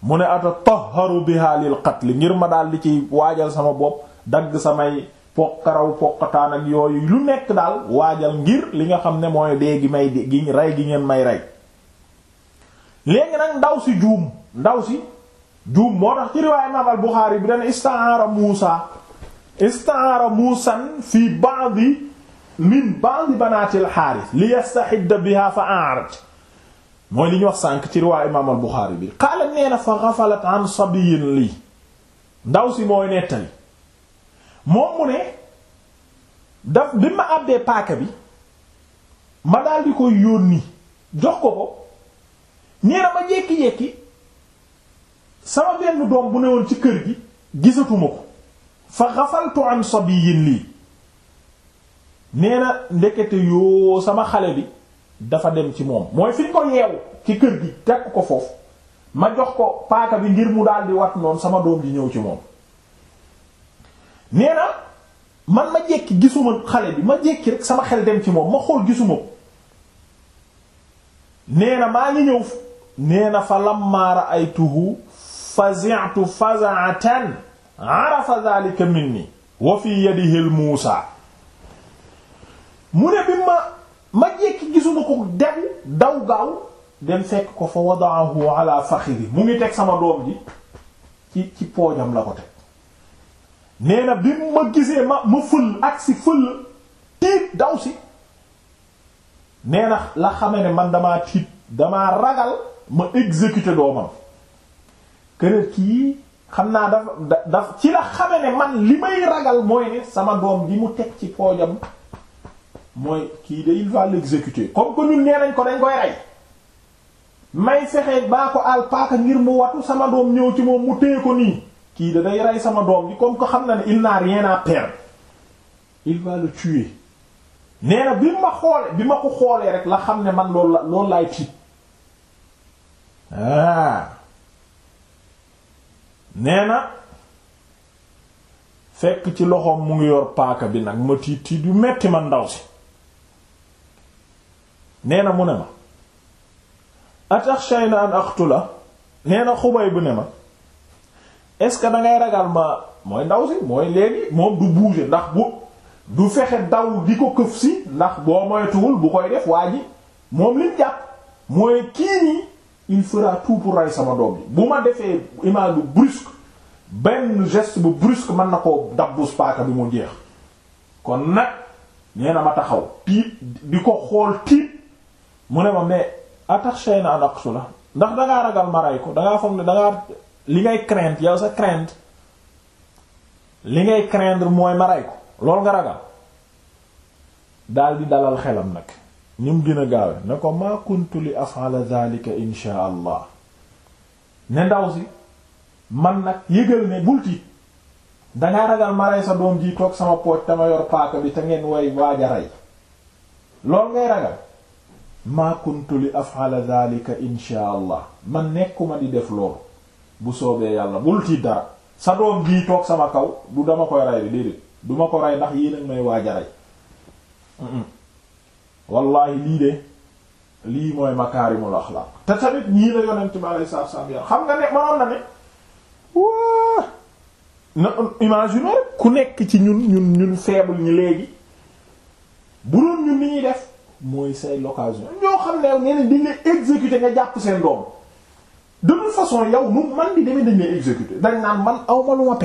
mu ne ata tahharu biha lil qatl ngir ma daldi ci waajal sama bopp dagg samay pokkaraw pokkataan ak yooyu lu nekk daal waajal ngir li nga xam ne mooy dee gi may gi rey gi ngeen may rey léegi nag ndaw si juum ndaw si juum moo tax ci riwaaya Imaam Buxaari bi dana istaara Muusa istaara muusan fi ba'di min ba'di banaatil xaaris li yastahidda biha fa a'rad mooy li wax sànk ci riwaa imaam al Buxaari bi qaala nee na fa ghafalat an lii ndaw si mooy nettali moom mu ne daf bi ma àbbee paaka bi ma daal di koy yónni jox ko ko nee na ma jékki-jékki sama benn doom bu ne woon ci kër gi gisatuma ko fa xafaltu an sabiyin lii nee na ndekete yoo sama xale bi dafa dem ci moom mooy fi ñu ko yeewu ci kër gi tekk ko foofu ma jox ko paaka bi ngir mu daal di wat noonu sama doom ji ñëw ci moom nee na man ma jékki gisuma xale bi ma jékki rek sama xel dem ci moom ma xool gisuma ko nee na maa ngi ñëw nee na fa lamma ra'aytuhu fazi'tu faz'atan arafa dhalika minni wa fi yadihi al muusa mu ne bi ma ma jekki gisuma ko dem daw gaaw dem fekk ko fa wadaahu ala faxiri mu ngi teg sama doom ji ci ci poojam la ko teg nee na bi ma gisee ma fël ak si fël tiit daw si nee na la xame ne man damaa tiit damaa ragal ma exécuter doomam kërét kii xam naa daf ci la xame ne man li may ragal mooy ne sama doom bi mu teg ci poojam mooy kii de il va l'exécuter comme que ñun nee nañ ko dañ koy rey may fexe baa ko al ngir mu watu sama doom ñëw ci moom mu téye ko nii kii de day rey sama doom bi comme que xam na ni il n'a rien à perdre il va le tuer nee na bi ma xoole bi ma ko xoolee rek la xam ne man loolu la loolu laay tiit ah. nee na fekk ci loxoom mu ngi yor paaka bi nag ma tiit tiit yu metti man ndaw si nee na mu ne ma ataxshayna an aqtula nee na xubay bu ne ma est ce que da ngay ragal ma mooy ndaw si mooy léegi moom du bouger ndax bu du fexe daw di ko këf si ndax boo moytuwul bu koy def waa ji moom liñ jàpp mooy kii nii il fera tout pour sama doom bi bu ma defee image bu brusque benn geste bu brusque man na koo dabbus paaka bi mu jeex kon nag nee ma taxaw tiit di ko xool tiit mu ne ma mais atakhshayna an aqtula ndax dangaa ragal ma rey ko dangaa foog ne dangaa li ngay craindre yow sa crainte li ngay craindre mooy ma rey ko loolu nga ragal daal di dalal xelam nag ni mu gën a gaawe ne ko maa kuntu li af'ala dhalika insha allah ne ndaw si man nag yëgal ne bul tiit dangaa ragal ma rey sa doom ji toog sama pooj te ma yor paaka bi te ngeen way waaj a rey lool ngay ragal maa kuntu li af'ala dhalika insha allah man nekkuma di def loolu bu soobee yàlla bul tiit dara sa doom ji sama kaw du dama koy rey bi déedéet du ko rey ndax yéen a may waaj rey wallahi lii de lii mooy makaarimul axlaaq te tamit ñii la yonent bi alayhi salaatu salaam yar xam nga ne manoon na ne waa na imaginer ku nekk ci ñun ñun ñun faible ñi léegi bu doon ñun ni ñuy def mooy say l'occasion ñoo xam ne nee nañ dañ lay exécuter nga jàpp seen doom de toute façon yow nu man di demee dañ lay exécuter dañ naan man awma lu ma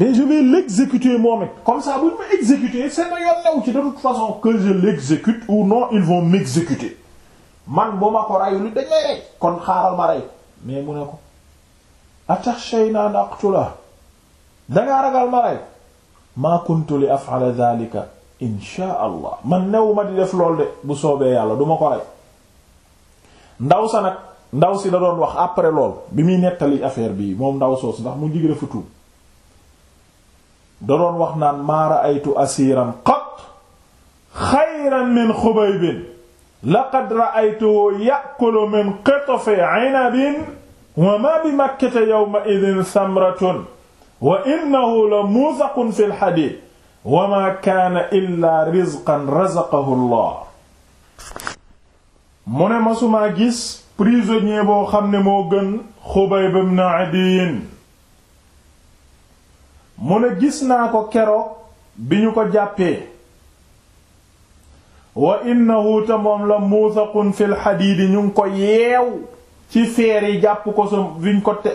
mais je vais l'exécuter moom it comme ça bu ñu ma exécuter c'est ma yoon new ci de façon que je l'exécute ou non ils vont m'exécuter man bu ma ko reyul dañ may kon xaaral ma rey mais mu ne ko ataxshaynaa an aqtula dangaa ragal ma rey maa kuntu li af'ala dhalika insha allah man new ma di def lool de bu soobee yàlla duma ko rey ndaw sa nag ndaw si da doon wax après lool bi muy nettali affaire bi moom ndaw soos ndax mu jigéen fa tuub da doon wax naan maa ra'aytu asiiran qat xayran min xubaybin laqad ra'aytuhu ya'kulu min qitfi 'inabin wa ma bi makkata yawma idhin samratun wa innahu la muuzaqun fil hadiid wa ma kaana illaa rizqan razaqahu Allah mu ne masumaa gis prisonnier boo xam ne moo gën Xubayb ibn Adiyin mu ne gis naa ko keroog bi ñu ko jàppee wa innahu ta moom la muusaqun fil xadiidi ñu ngi ko yeew ci feer yi jàpp ko sa biñ ko te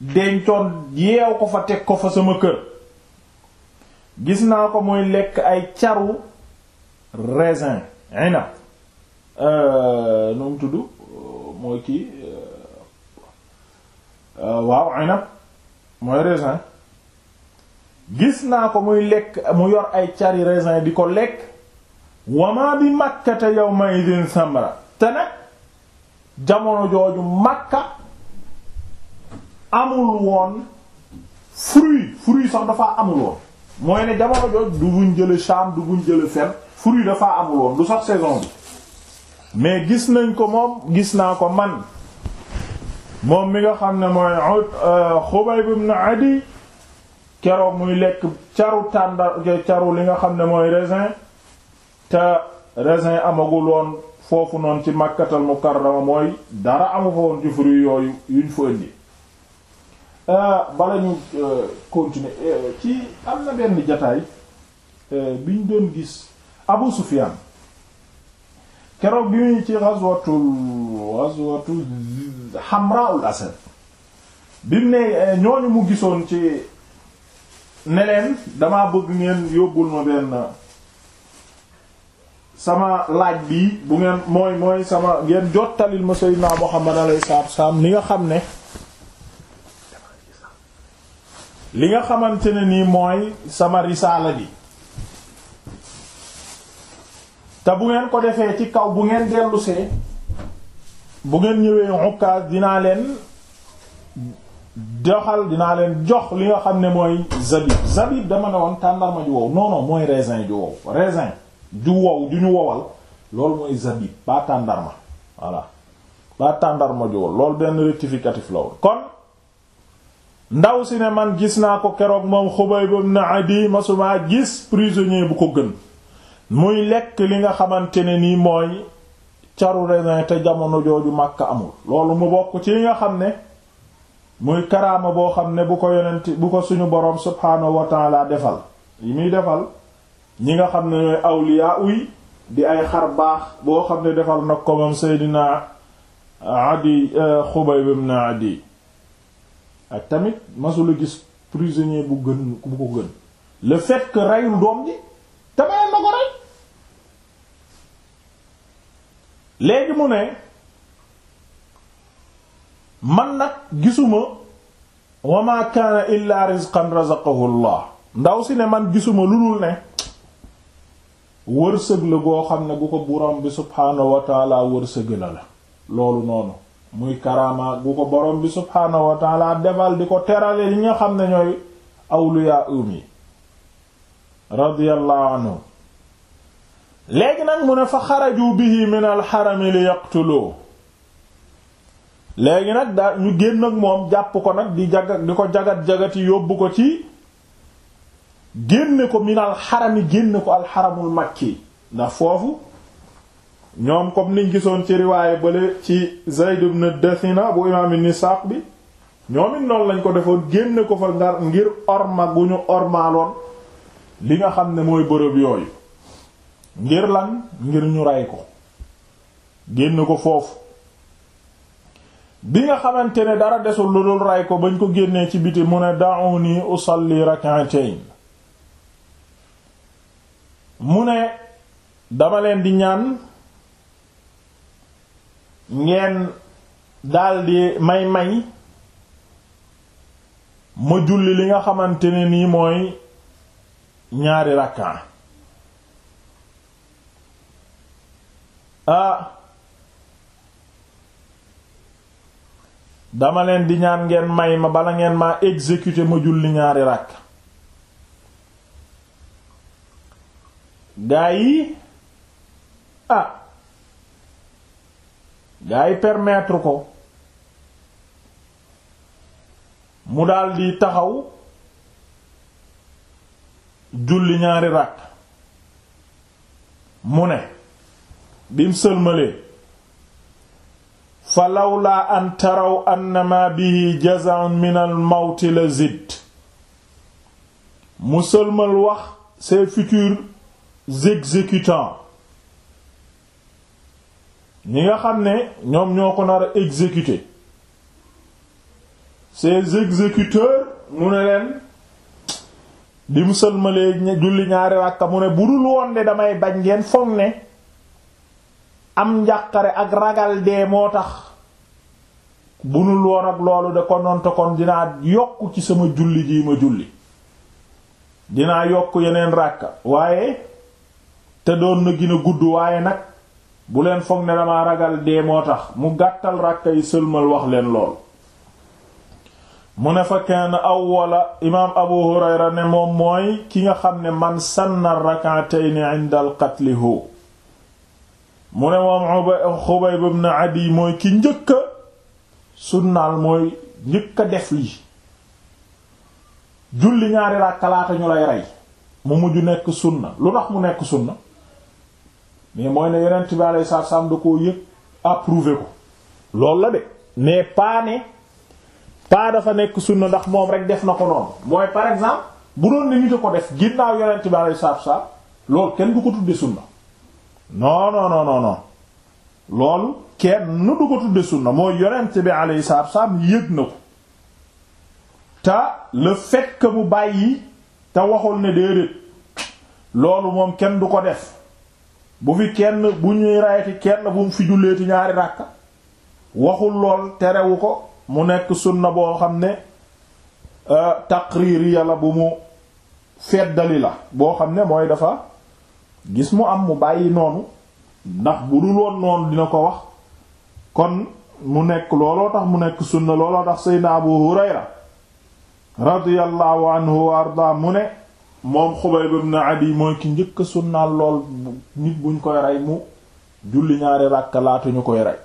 dencoon yeew ko fa teg ko fa sama kër gis naa ko muy lekk ay caru raisin inab euh, nu mu tudd mooy kii euh, waaw inab mooy raisin gis naa ko muy lekk mu yor ay cari raisin di ko lekk wama bi makkate yawma idin samra te nag jamono jooju makka amul woon fruit fruit sax dafa amul woon mooy ne jamono jooju du buñ jële Sham du buñ jële fen fruit dafa amul woon du sax saison bi mais gis nañ ko moom gis naa ko man moom mi nga xam ne mooy euh, Xubayb ibn Adi keroog muy lekk caru tàndar caru li nga xam ne mooy raisin te raisin amagul woon foofu noonu ci Makkatal Mukarrama mooy dara amu fa woon ci fruit yooyu yuñ fa indi euh, bala ñu euh, euh, ci am na benn jataay biñ doon gis Abu Sufyan keroog bi muy ci ghazwatul ghazwatul Hamra'ul Asad bi mu ne ñooñu mu gisoon ci neleen leen damaa bëgg ngeen yóbbul ma benn sama laaj bi bu ngeen mooy mooy sama ngeen jottalil ma sayyidina Muhammad alayhi salaatu wasallam li nga xam ne li nga xamante ne nii mooy sama risaala bi te bu ngeen ko defee ci kaw bu ngeen dellusee bu ngeen ñëwee Ukaz dinaa leen doxal dinaa leen jox li nga xam ne mooy zabib zabib dama ne woon tàndarma ju wow non non mooy raisin ju wow raisin ju wow ju ñu wowal loolu mooy zabib ba tàndarma voilà ba tàndarma ju loolu benn rectificatif la kon ndaw si ne man gis naa ko keroog moom Xubayb ibn Adi masuma gis prisonnier bu ko gën muy lekk li nga xamante ne nii mooy caru raisin te jamono jooju Makka amul loolu mu bokk ci nga xam ne muy karaama boo xam ne bu ko yonent bu ko suñu boroom subhaanahu wa taala defal yi muy defal ñi nga xam ne ñooy awliya uy di ay xar baax boo xam ne defal nag ko moom Seydina Adi euh, Xubayb ibn Adi ak tamit masula gis prisonnier bu gën bu ko gën le fait reyul doom ji te mayoon na ko rey léegi mu ne man nag gisuma wa ma kaana illa ndaw si ne man gisuma lu dul ne wërsëg la goo xam ne gu ko borom bi subhaanahu wa wërsëg la loolu noonu muy karama gu ko borom bi subhaanahu wa defal di ko terale li nga xam ne ñooy awliya um yi radiyallahu anhu léegi nag mu ne fa xaraju bihi min alxarami li yaqtuloo léegi nag daa ñu génn ak moom jàpp ko nag di jagat di ko jagat-jagati yóbbu ko ci génne ko minal xarami génne ko alxaramul makki ndax foofu ñoom comme niñ gisoon ci riwaaye bale ci Zayd ibn Dathina bu imaam ibn Isaaq bi ñoom it noonu lañ ko defoon génne ko fa ngar ngir orma gu ñu ormaaloon li nga xam ne mooy bërëb yooyu ngir lan ngir ñu rey ko génn ko foofu bi nga xamante ne dara desul lu dul ray ko bañ ko génnee ci biti mu ne da'uni usalli rak'atayn mu ne dama leen di ñaan ngeen daldi may may ma julli li nga xamante ne nii mooy ñaari rakka ah, dama leen di ñaan ngeen may ma bala ngeen maa exécuter ma julli ñaari ràkk gaa yi ah gaa yi permettre ko mu daldi taxaw julli ñaari ràkk mu ne bim sëlmalee fa lawlaa an taraw annama bihi jaza'un min al mawti la zidd mu sëlmal wax ses futurs exécutants ñi nga xam ne ñoom ñoo ko nar a exécuter ses exécuteurs mu ne leen bi mu sëlmalee julli ñaari ràkka mu ne bu dul woon damay bañ ngeen foog ne am njàqare ak ragal dee moo tax bu nul loolu ak ko de kononte kon dinaa yokk ci sama julli ji ma julli dinaa yokk yeneen ràkka waaye te doon na gën gudd waaye nag bu leen foog ne dama ragal dee moo tax mu gàttal ràkka yi sëlmal wax leen loolu mu ne fa kenn awwala imaam abu hurayra ne moom mooy ki nga xam ne man sanna rak'atayn 'inda al-qatli hu mu ne moom xubayb ibn adi mooy ki njëkka sunnaal mooy njëkk a def lii julli ñaari ràkka laata ñu lay rey mu mujj nekk sunna lu tax mu nekk sunna mais mooy ne yonent bi alayhi salaatu salaam da koo yëg approuvé ko la ndax moom rek def na ko noonu mooy par exemple bu doon ne nit a ko def ginnaaw yonent bi alayhi salaatu salaam loolu kenn du ko tudde sunna non loolu kenn nu du ko tudde sunna mooy yonent bi alayhi salaatu wassalaam yëg na ko te le fait mu bàyyi te waxul ne déedéet loolu moom kenn du ko def bu fi kenn bu ñuy rayti kenn bu mu fi julleeti ñaari ràkk waxul lool terewu ko mu nekk sunna boo xam ne euh, taqriri yàlla bu mu feddali la boo xam ne mooy dafa gis mu am mu bàyyi noonu ndax bu dul woon noonu dina ko wax kon mu nekk looloo tax mu nekk sunna looloo tax seydna abu hurayra radiyallahu anhu wa mu ne moom xubayb ibn adi mooy ki njëkk sunnaal lool nit buñ koy rey mu julli ñaari ràkk laatu koy rey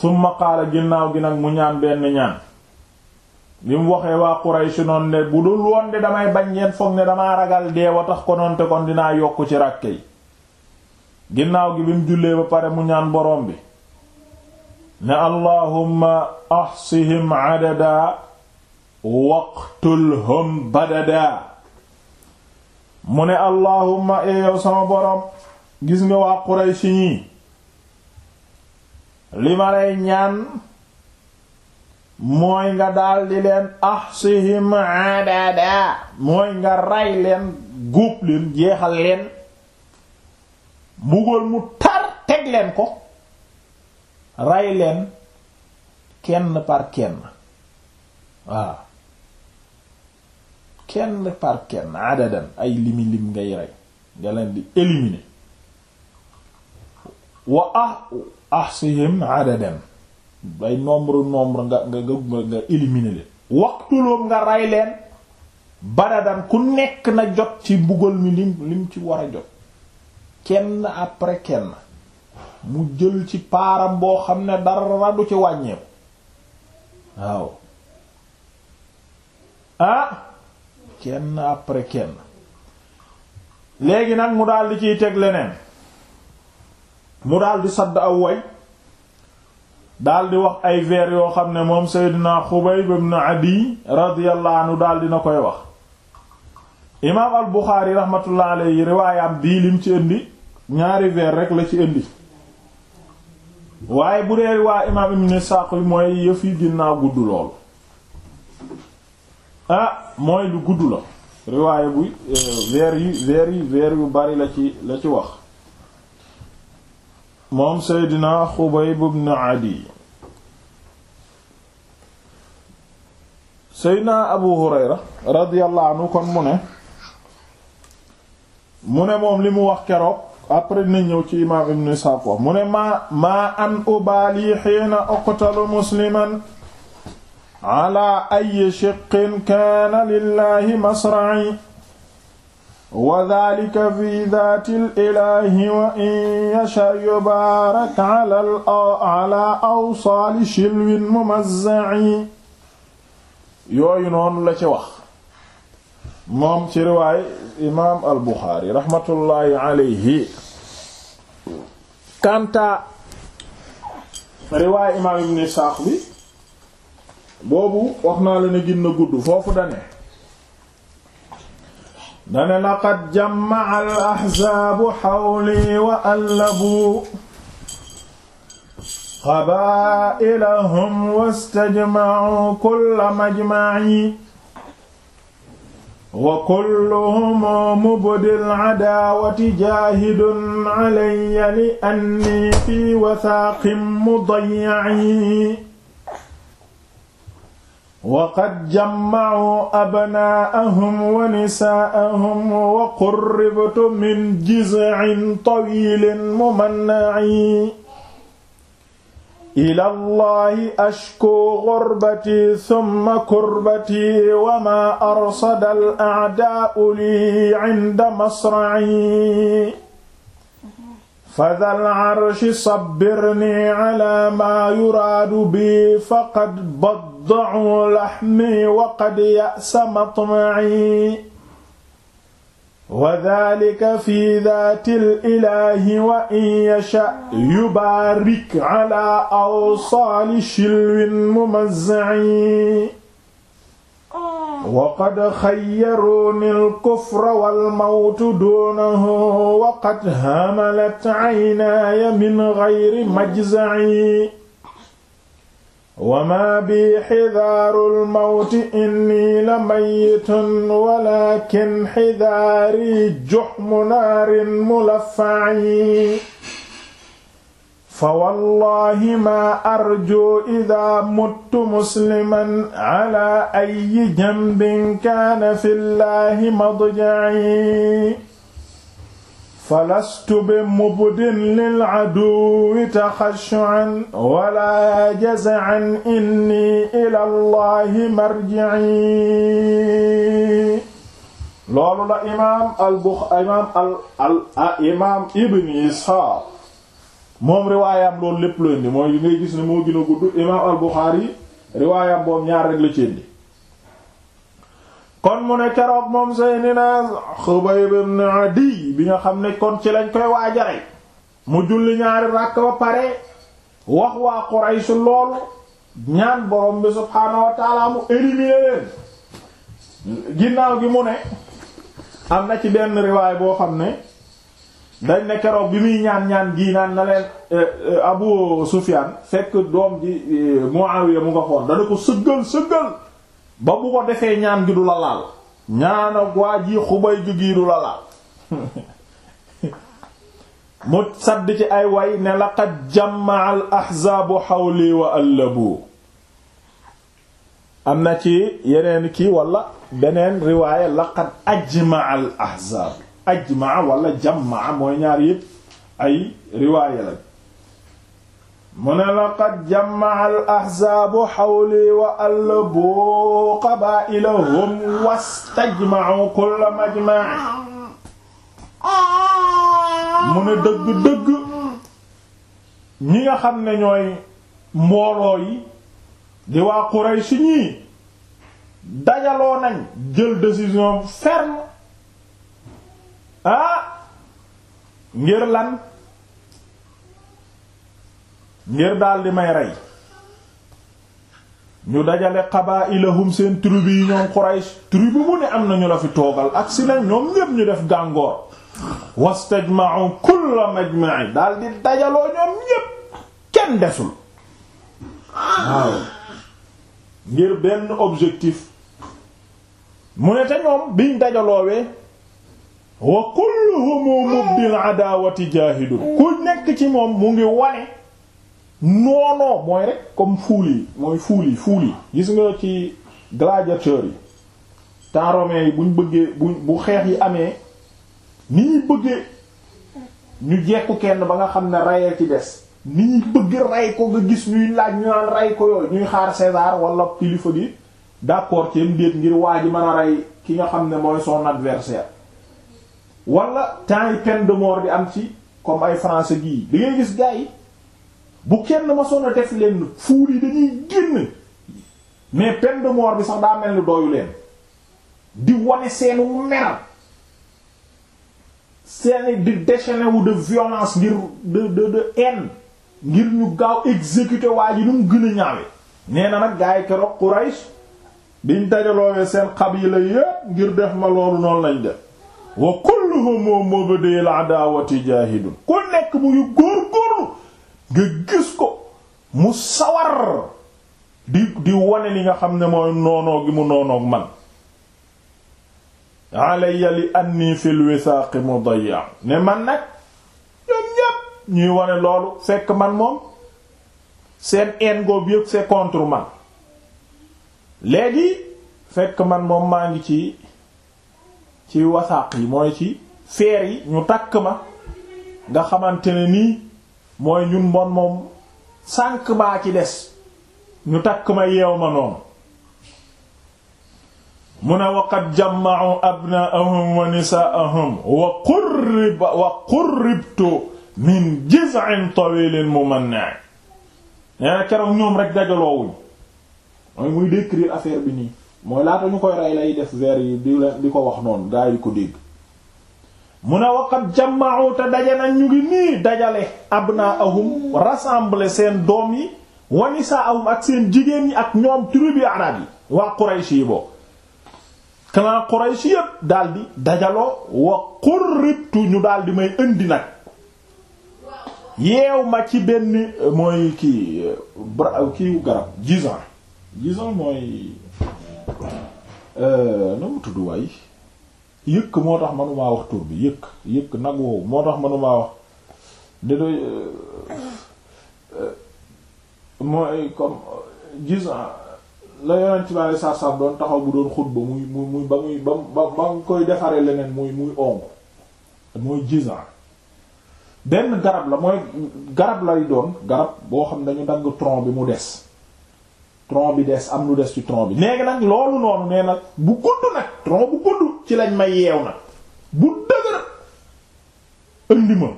summa qaala ginnaaw gi nag mu ñaan benn ñaan li mu waxee waa Quraysh noon ne bu dul woon de damay bañ ngeen foog ne damaa ragal dee wa tax konoonte kon dinaa yokk ci ràkke yi ginnaaw gi bi mu jullee ba pare mu ñaan borom bi ne allahumma ahsihim adada waqtulhum badada mu ne allahumma eeyow sama borom gis nga waa qurayshi ñii li ma lay ñaan mooy nga daldi leen ahsihim adada mooy nga ray leen góob leen jeexal leen mbugal mu tar teg leen ko rey leen kenn par kenn waaw kenn par kenn adadan ay limi lim ngay rey nga leen di éliminer wa ah ahsihim adadan ay nombre nombre nga nga nga éliminer leen waxtuloom nga rey leen badadan ku nekk na jot ci mbugal mi lim lim ci war a jot kenn après kenn mu jël ci paaram boo xam ne dara du ci wàññeeku waaw ah kenn après kenn léegi nag mu daal di ciy teg leneen mu daal di sadd aw way daal wax ay vers yoo xam ne moom Seydina Xubayb ibn Adi radiyallahu anhu daal na koy wax imaam al Buxaari rahmatullah alayhi riwaayam bii ci indi ñaari weer rekk la ci indi waaye bu dee waa imaam ibn Isaaq bi mooy yëf yi gudd lool ah mooy lu gudd la riwaaye bu eh, weer yi weer yi weer yu bari la ci la ci wax moom Seydina Xubayb ibn Adi Seydina Abu Hurayra radiyallahu anhu kon mu ne mu ne moom li mu wax keroog après na ñëw ci imaam ibn Isaaq wax mu ne maa maa an ubaali hiina uqtalu musliman ala ay shiqqin kaana lillahi masra'i wa dhaalika fi dhaati al-ilaahi wa in yasha yubaarak ala awsaali shilwin mumazza'i yooyu noonu la ci wax moom ci riwaay imaam al Buxaari raxmatullaahi alayhi kanta riwaay imaam ibn Isaaq boobu wax naa la gudd foofu dane dane laqad jamaa al ahzaabu xawli wa allabu qabaa'ilahum wastajma'u kulla majma'i wa kulluhum mubdil adaawati jaahidun alayya li anni fi wasaaqin mudayya'i wa qad jamma'u abnaa'ahum wa nisaa'ahum wa qurribtu min jiz'in tawiilin mumanna'i ilallahi ashkoo gurbati summa kurbati wa ma arsada al a'daa'u li 'inda masra'i fadhal 'arshi sabbirni 'ala ma yuraadu bi faqad badda'u lahmi wa qad ya'sa matma'i wa dhalika fi dhati lilahi wa in yasha yubaarik ala awsaali shilwin mumazza'i wa qad xayyaruuni alkufra walmawtu duunahu wa qad hamalat aynaaya min ghayri majza'i wama bi xidaarul mawti inni la mayitun walakin xidaari juxmu naarin mulaffa'i fa wallahi ma arju idaa muttu musliman ala ayi jambin kaana fillahi madja'i falastu bi mubdin lil aduwwi taxashu'an wala jaza'an inni ila allahi loolu la imaam Ibn Isxaaq moom riwaayam loolu lépp la indi mooy ngay gis ne moo gën a imaam al Buxaari riwaayam boobu ñaar rek la ci indi kon mu ne keroog moom Seydina Xubayb ibn Adi bi nga xam ne kon ci lañ koy waajaree mu julli ñaari ràkk ba pare wax waa Quraysh loolu ñaan borom bi subhaanahu wa mu éliminer leen ginnaaw gi mu ne am na ci benn riwaay boo xam ne dañ ne keroog bi muy ñaan ñaan gii naan na leen eh, eh, Abu Sufyaan fekk doom ji eh, Muawiya mu nga xool dana ko sëggal sëggal ba bu ko defee ñaan gi du la laal ñaan ak waa ji xubay gi gii du la laal mu sadd ci ay way ne laqad jamaa al xawli wa allabu am na ci yeneen ki wala beneen riwaaya laqad ajmaa al ahzaab ajmaa wala jamaa mooy ñaar yépp ay riwaaya la mu ne laqad jamaa al ahzaabu xawli wa allaboo qabaa'ilahum wastajma'u kulla majmaa' mu ne dëgg-dëgg ñi nga xam ne ñooy mbooloo yi di waa Quraysh ñii dajaloo nañ jël décision ferme ah ngir lan ngir di may rey ñu dajale qabaa'ilahum seen tribu yi ñoom Quraysh tribu mu ne am na ñu la fi toogal ak si la ñoom ñépp ñu def gàngoor wastajma'u kulla majma'i daldi dajaloo ñoom ñépp kenn ngir benn objectif mu ne te ñoom biñ dajaloowee wa kulluhum mubdil adawati jaahidun ku nekk ci moom mu ngi wane noonoo mooy rek comme fuul yi mooy fuul yi fuul yi gis nga ci gladiateurs yi temps romain yi buñ bëggee bu bu xeex yi amee ni ñuy bëggee ñu jekku kenn ba nga xam ne rayee ci des ni ñuy bëgg ray ko nga gis ñuy laaj ñu naan ray ko yooyu ñuy xaar César wala kilifa gi d'accord ci déet ngir waa ji mën a rey ki nga xam ne mooy son adversaire wala temps yi peine de mort bi am ci comme ay français gii da ngay gis gars bu kenn ma soon a def leen fuur yi dañuy génn mais peine de mort bi sax daa mel ni dooyu leen di wane seenu meral seeni di déchaîné wu de violence ngir de de de ngir ñu gaaw exécuté waa ji nu mu gën a ñaawe nee na nag gaa yi keroog Quraysh biñ dajaloowee seen xabiila yépp ngir def ma loolu noon lañ def wa kulluhum mubdil adawati jahidun ku nekk mu yu góor góorlu nga gis ko mu sawar di di wane li nga xam ne mooy noonoo gi mu noonoog man alayya li anni fil withaaqi mudayya ne man nag ñuy wane loolu fekk man moom seen en goob yëpp c'est man léegi fekk man moom maa ngi ci ci wasaaq yi mooy ci feer yi ñu takk ma nga xamante nii mooy ñun mbon moom sànq baa ci des ñu takk ma yeew ma noonu mu ne waqad jamma'u abna'ahum wa nisaa'ahum wa qurrib wa qurribtu min jiz'in tawilin mumanna' nee na keroog ñoom rek dajaloowuñ mooy muy décrire affaire bi nii mooy laata ñu koy rey lay def vers yi di di ko wax noonu gaa yi ko dégg mu ne waqat jamma'u te daje nañ ñu ngi nii dajale abnaahum rassembler seen doom yi wa nisaahum ak seen jigéen ñi ak ñoom tribu arab yi waa Quraysh yi boo clan Quraysh yépp daldi dajaloo wa qurribtu ñu daldi may indi nag yeew ma ci benn mooy kii bra kii garab gisan gisan mooy euh, nu mu yëkk moo tax manumaa wax tur bi yëkk yëkk nag woowu moo tax manumaa wax di doy euh, mooy comme gis la yonent bi alei doon taxaw bu doon xutba muy muy muy ba muy ba ba mu koy defaree leneen muy muy ongu mooy gisan benn garab la mooy garab lay doon garab boo xam ne dañu tronc bi mu des tronc bi des am lu des ci tronc bi léegi nag loolu noonu nee na bu gudd nag tronc bu gudd ci lañ may yeew nag bu dëgër indi ma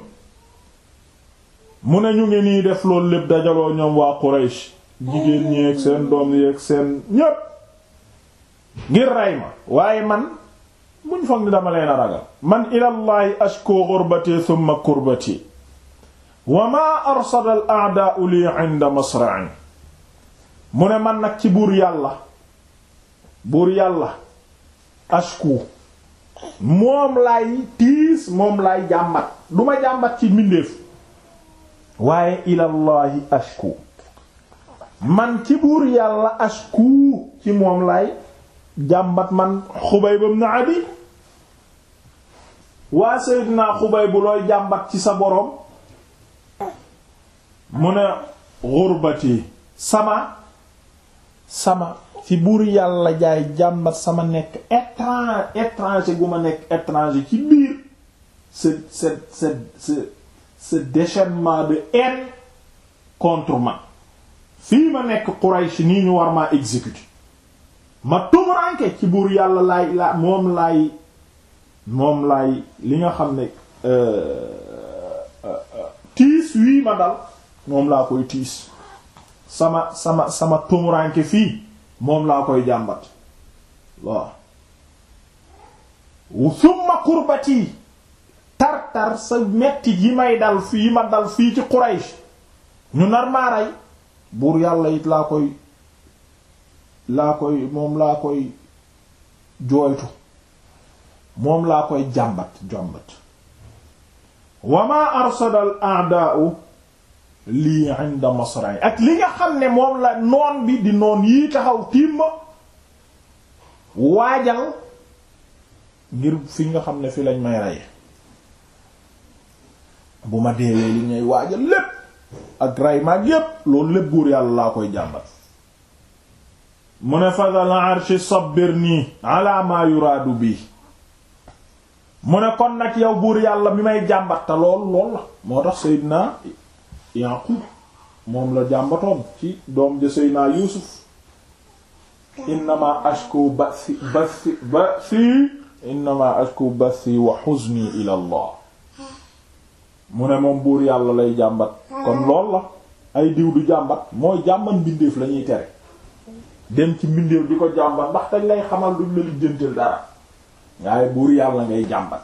mu ne ñu ngi nii def loolu lépp dajaloo ñoom waa Quraysh jigéen ñi seen doom yi seen ñépp ngir rey ma waaye man muñ foog ni dama leen a ragal man ilallahi ashko ghurbati thumma kurbati wa ma arsada al a'da'u li 'inda masra'i mu ne man nag ci buur yàlla buur yàlla ashku moom laay tiis moom laay jàmbat du jàmbat ci mbindeef waaye ilallahi ashku man ci buur yàlla ashku ci moom laay jàmbat man Xubayb ibn Adi waa Seydina Xubayb bu looy jàmbat ci sa boroom mu ne gurbati sama sama ci buur yàlla jaay jàmbat sama nekk étran étranger gu ma nekk étranger ci biir ce ce ce ce ce déchaînement de haine contre ma fii ma nekk Quraysh nii ñu war maa exécuter ma tumuranke ci buur yàlla laay laa moom laay moom laay li nga xam ne euh, euh, euh, tiis wii ma dal moom laa koy tiis sama sama sama tumuranke fii moom laa koy jàmbat waaw summa kurbati tar tar sa metti yi may dal fii yi ma dal fii ci Quraysh ñu nar maa buur yàlla yit laa koy laa koy moom laa koy jooytu moom laa koy jàmbat jàmbat wa ma arsala al lii inda masra'i ak li nga xam ne moom la noon bi di noon yii taxaw timma waajal ngir fi nga xam ne fi lañ may reye bu ma deewee li ñuy waajal lépp ak ray maag yépp loolu lépp buur yàlla laa koy jàmbat mu ne fadal arshi sabbir nii ala ma yuraadu bi mu ne kon nag yow buur yàlla bi may jàmbat te loolu loolu la moo tax Seydina moom la jàmbatoon ci doom ja Seydina Yuusuf innama ashku basi basi basi innama ashku basi wa huzni ila Allah mu ne moom buur yàlla lay jàmbat kon lool la ay diw du jàmbat mooy jàmbat mbindeef lañuy tere dem ci mbindeef di ko jàmbat ndax dañ lay xamal duñ la lijjantil dara waaye buur yàlla ngay jàmbat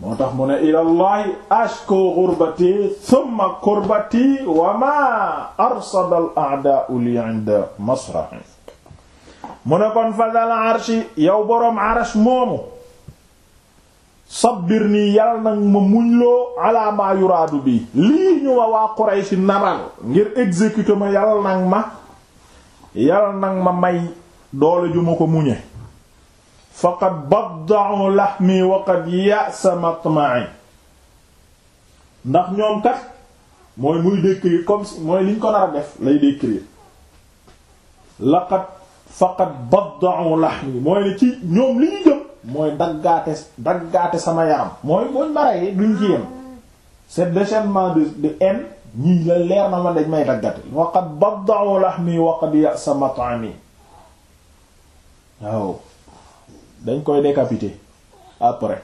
moo tax mu ne ilallahi ashku gurbati thumma kurbati wa ma arsada al a'da'u li 'inda mu ne kon fadal arshi yow boroom arash moomu sabbir nii yàlla nag ma muñloo ala ma yuraadu bi lii ñu ma waa Quraysh naral ngir exécuter ma yàlla nag ma yàlla nag ma may doole ju ma ko muñe faqad badda'u lahmi wa qad ya'sa matma'i ndax ñoom kat mooy muy décrire comme si mooy liñ ko nar a def lay décrire laqad faqad badda'u lahmi mooy ne ci ñoom li ñu jëm mooy daggaate daggaate sama yaram mooy booñ barayee duñ ci yem ce déchaînement de de haine ñi la leer na ma dañ may daggate wa qad badda'u lahmi wa qad ya'sa mat'ami waaw dañ koy décapiter après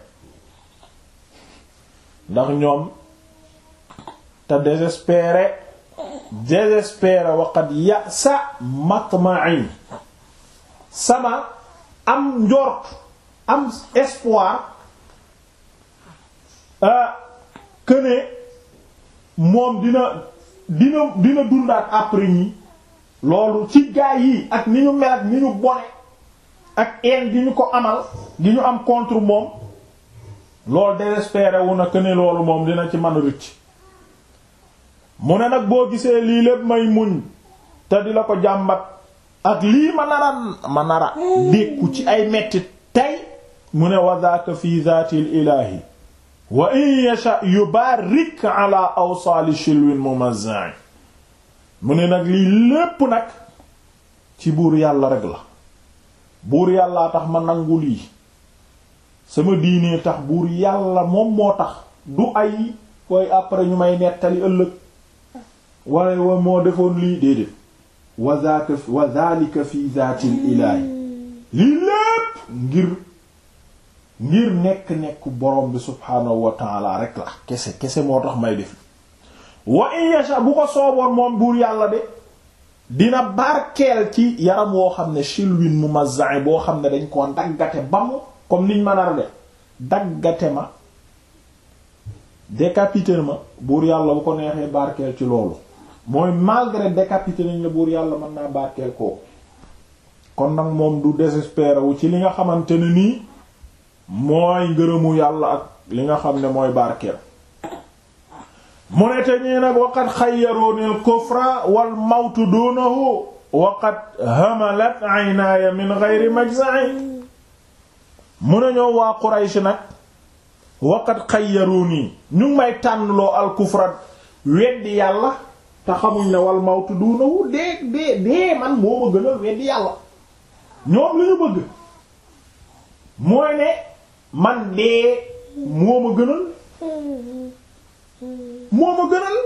ndax ñoom te désespéré désespéré waqat ya sa matma'i sama am njort am espoir euh, que ne moom dina dina dina dundaat après ñi loolu ci gaay yi ak ni ñu mel ni ñu bone ak een gi ñu ko amal gi ñu am contre moom loolu désespéré wu na que ne loolu moom dina ci man a rëcc mu ne nag boo gisee lii lépp may muñ te di la ko jàmbat ak lii ma nara ma nara dékku ci ay metti tey mu ne wa zaaka fi zaatil ilaahi wa in yasha yubarik ala awsaali shilwin mumazzai mu ne nag lii lépp nag ci buur yàlla rek la buur yàlla tax ma nangu lii sama diinee tax buur yàlla moom moo tax du ay koy après ñu may nettali ëllëg wala wa moo defoon lii déedéet wa zaka wa zalika fi zatil ilahi lii lépp ngir ngir nekk-nekk borom bi subhaanahu wa rek la kese kese moo tax may def wa in yasha bu ko sooboon moom buur yàlla de dina barkeel ci yaram woo xam ne shilwin mumazzai boo xam ne dañ koo daggate ba mu comme niñ ma a def daggate ma décapité ma buur yàlla bu ko neexee barkeel ci loolu mooy malgré décapité nañ la buur yàlla mën naa barkeel kooku kon nag moom du désespéré wu ci li nga xamante ne nii mooy ngërëmu yàlla ak li nga xam ne mooy barkeel mu ne te ñii nag waqad xayyaroonil kufra wal mawtu duunahu waqad hamalat aynaaya min geyri majza'i mu ne ñoom waa Quraysh nag waqad xayyaroonii ñu ngi may tànnloo al kufra weddi yàlla te xamuñ ne wal mawtu duunahu dee dee dee man moo ma gënal weddi yàlla ñoom li ñu bëgg mooy ne man dee moo ma gënal moo ma gënal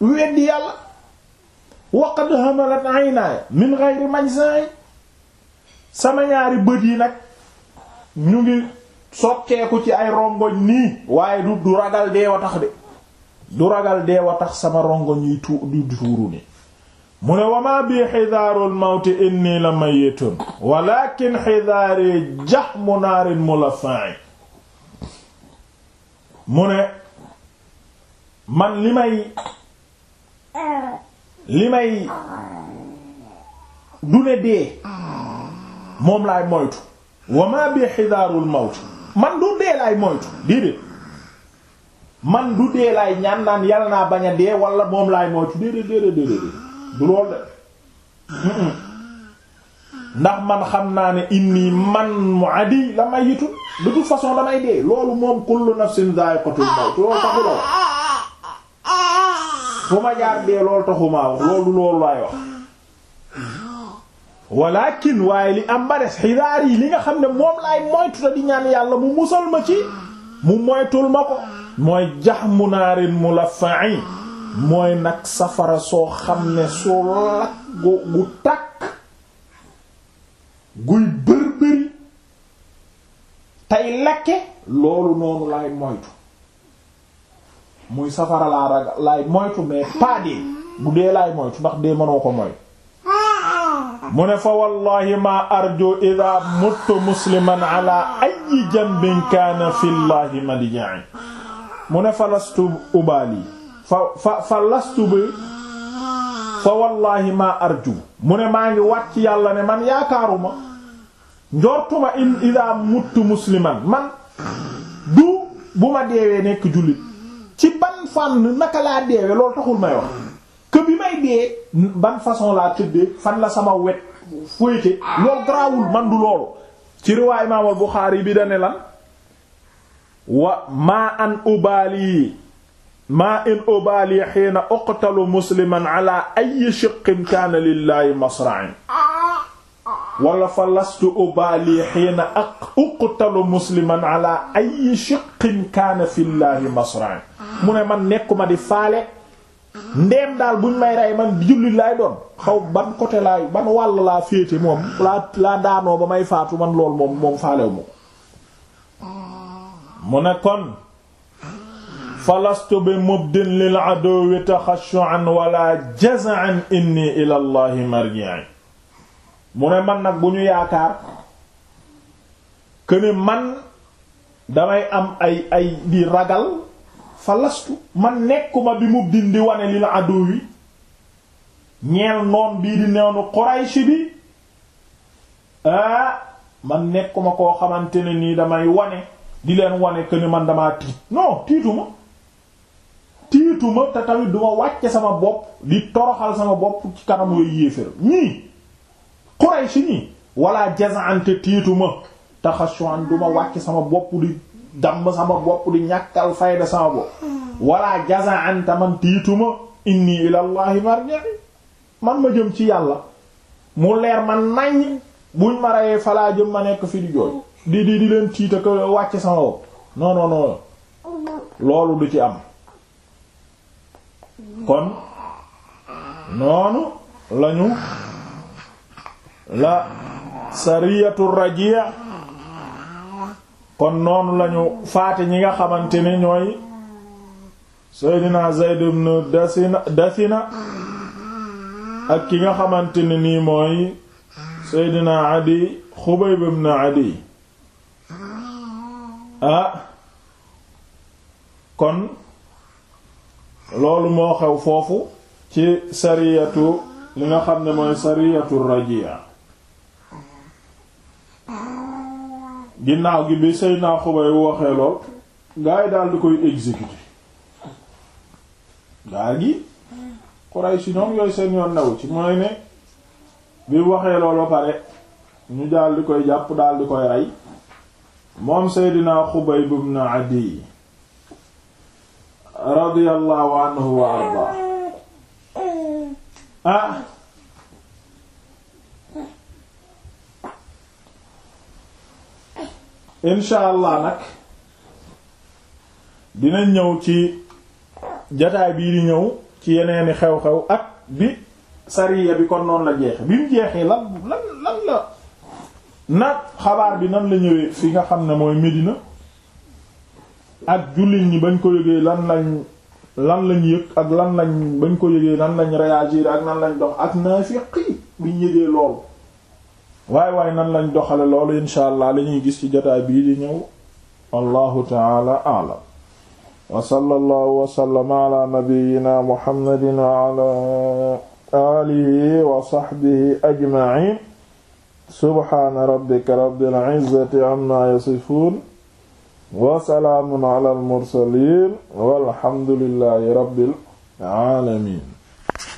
weddi yàlla waqad hamalat aynaaya min ghayri majza'i sama ñaari bët yi nag ñu ngi sotteeku ci ay rongoñ nii waaye du du ragal deewa tax de du ragal deewa tax sama rongoñ yi tuuru ni mu ne wamaa bi xidaarul mawti inni la mayitun walakin xidaari jax mu naarin mu la fa'i mu ne man li may li may du ne dee moom lay moytu wa ma bi xidaarul mawt man du dee laay moytu déedéet man du dee laay ñaan naan yàlla naa bañ a dee wala moom laay moytu déedéet déedéet déedéet du lool de ndax man xam naa ne inni man mu adi la may yitu de toute façon damay dee loolu moom kullu nafsin dha'iqatul mawt loolu sax du lool fu ma jaar dee loolu taxumaa wax loolu loolu laay wax walakin waaye li am ba des yi li nga xam ne moom laay moytu ta di ñaan yàlla mu musal ma ci mu moytul ma ko mooy jax mu naarin mu la fa'i mooy nag safara soo xam ne soo lakk gu gu tàkk guy bërbëri tey lakke loolu noonu laay moytu muy safara laa ragal laay moytu mais pas dee dee laay moytu ndax dee mënoo ko moy mu ne fa wallahi ma arju ida muttu musliman ala ayi janbin kaana fi llahi madja'i mu ne fa lastu ubaali fa fa lastu bi fa wallahi ma arju mu ne maa ngi wàcc yàlla ne man yaakaaruma njortuma in ida musliman man du bu deewee nekk jullit ci ban fànn naka laa deewe loolu taxul may wax bi may dee ban façon laa tëddee fan la sama wet fóoyte loolu garaawul man du loolu ci riwaay imaam al-Buxaari bi dane lan wa maa an ubaali maa in ubaali xiina uqtalu musliman ala ay shiqqin kaana lillaahi masra'in wala fa lastu ubaali xiina uqtalu musliman ala ay shiqqin kaana fillaahi masra'in mu ne man nekkuma di faale ndeem daal buñ may rey man jullit laay doon xaw ban côté ban wàll féete moom laa laa daanoo ba may faatu man lool moom moom faalew moom mu ne kon falastu bi mubdin lil adowi taxashu'an wala jaz'an inni ila allahi mu ne man nag bu ñu yaakaar këne man damay am ay ay di ragal fa lastu man nekkuma bi mu dindi wane li la àddu wi ñeel noon bii di neenu Quraysh bi ah man nekkuma koo xamante ne nii damay wane di leen wane que ni man damaa tiit non tiituma tiituma te tamit duma wàcce sama bopp di toroxal sama bopp ci kanam yooyu yéeféram ñii Quraysh ñii walla jazante tiituma taxasuan duma wàcce sama bopp di damm sama bopp di ñàkkal fayda sama bopp wala jazaan taman tiituma inni ilallahi marja'i man ma jëm ci yàlla mu leer ma nañ buñ ma reyee falaa jëm ma nekk fi di jooy di di leen tiita ko wàcc sama bopp non non loolu du ci am kon noonu lañu la sariyatu rajia kon noonu lañu faati ñi nga xamante ne ñooy Seydina Zayd ibn na Dasina ak ki nga xamante ne nii mooy Seydina Adi Xubayb ibn Adi ah kon loolu moo xew foofu ci sariyatu li nga xam ne mooy sariyatu rajia ginnaaw gi bi Seydina Xubay waxee lool gaa yi daal di koy exécuter gaa gi Quraysh ñoom yooyu seen yoon new ci mooy ne bi waxee lool ba pare ñu daal di koy jàpp daal di koy rey moom Seydina Xubayb ibn Adiy radiyallahu anhu wa ardaa ah incha allah nag dina ñëw ci jataay bii di ñëw ci yeneeni xew-xew ak bi sariya bi kon noonu la jeexe bi mu jeexee lan lan la na xabaar bi nan la ñëwee fi nga xam ne mooy Medina ak jullit ñi bañ ko yëgee lan lañ lan lañ yëg ak lan lañ bañ ko yëgee nan lañ réagir ak nan lañ dox ak naafiqi biñ yëgee loolu waaye waaye nan lañ doxale loolu insha allah la ñuy gis ci jotaay bii di ñëw allahu taala a'lam wa sallallahu wa sallama ala nabiyyina muhammadin wa ala alihi wa sahbihi ajma'in subhana rabbika rabbil izzati amma yasifun wa salaamun ala al mursalin walhamdulillahi rabbil alamin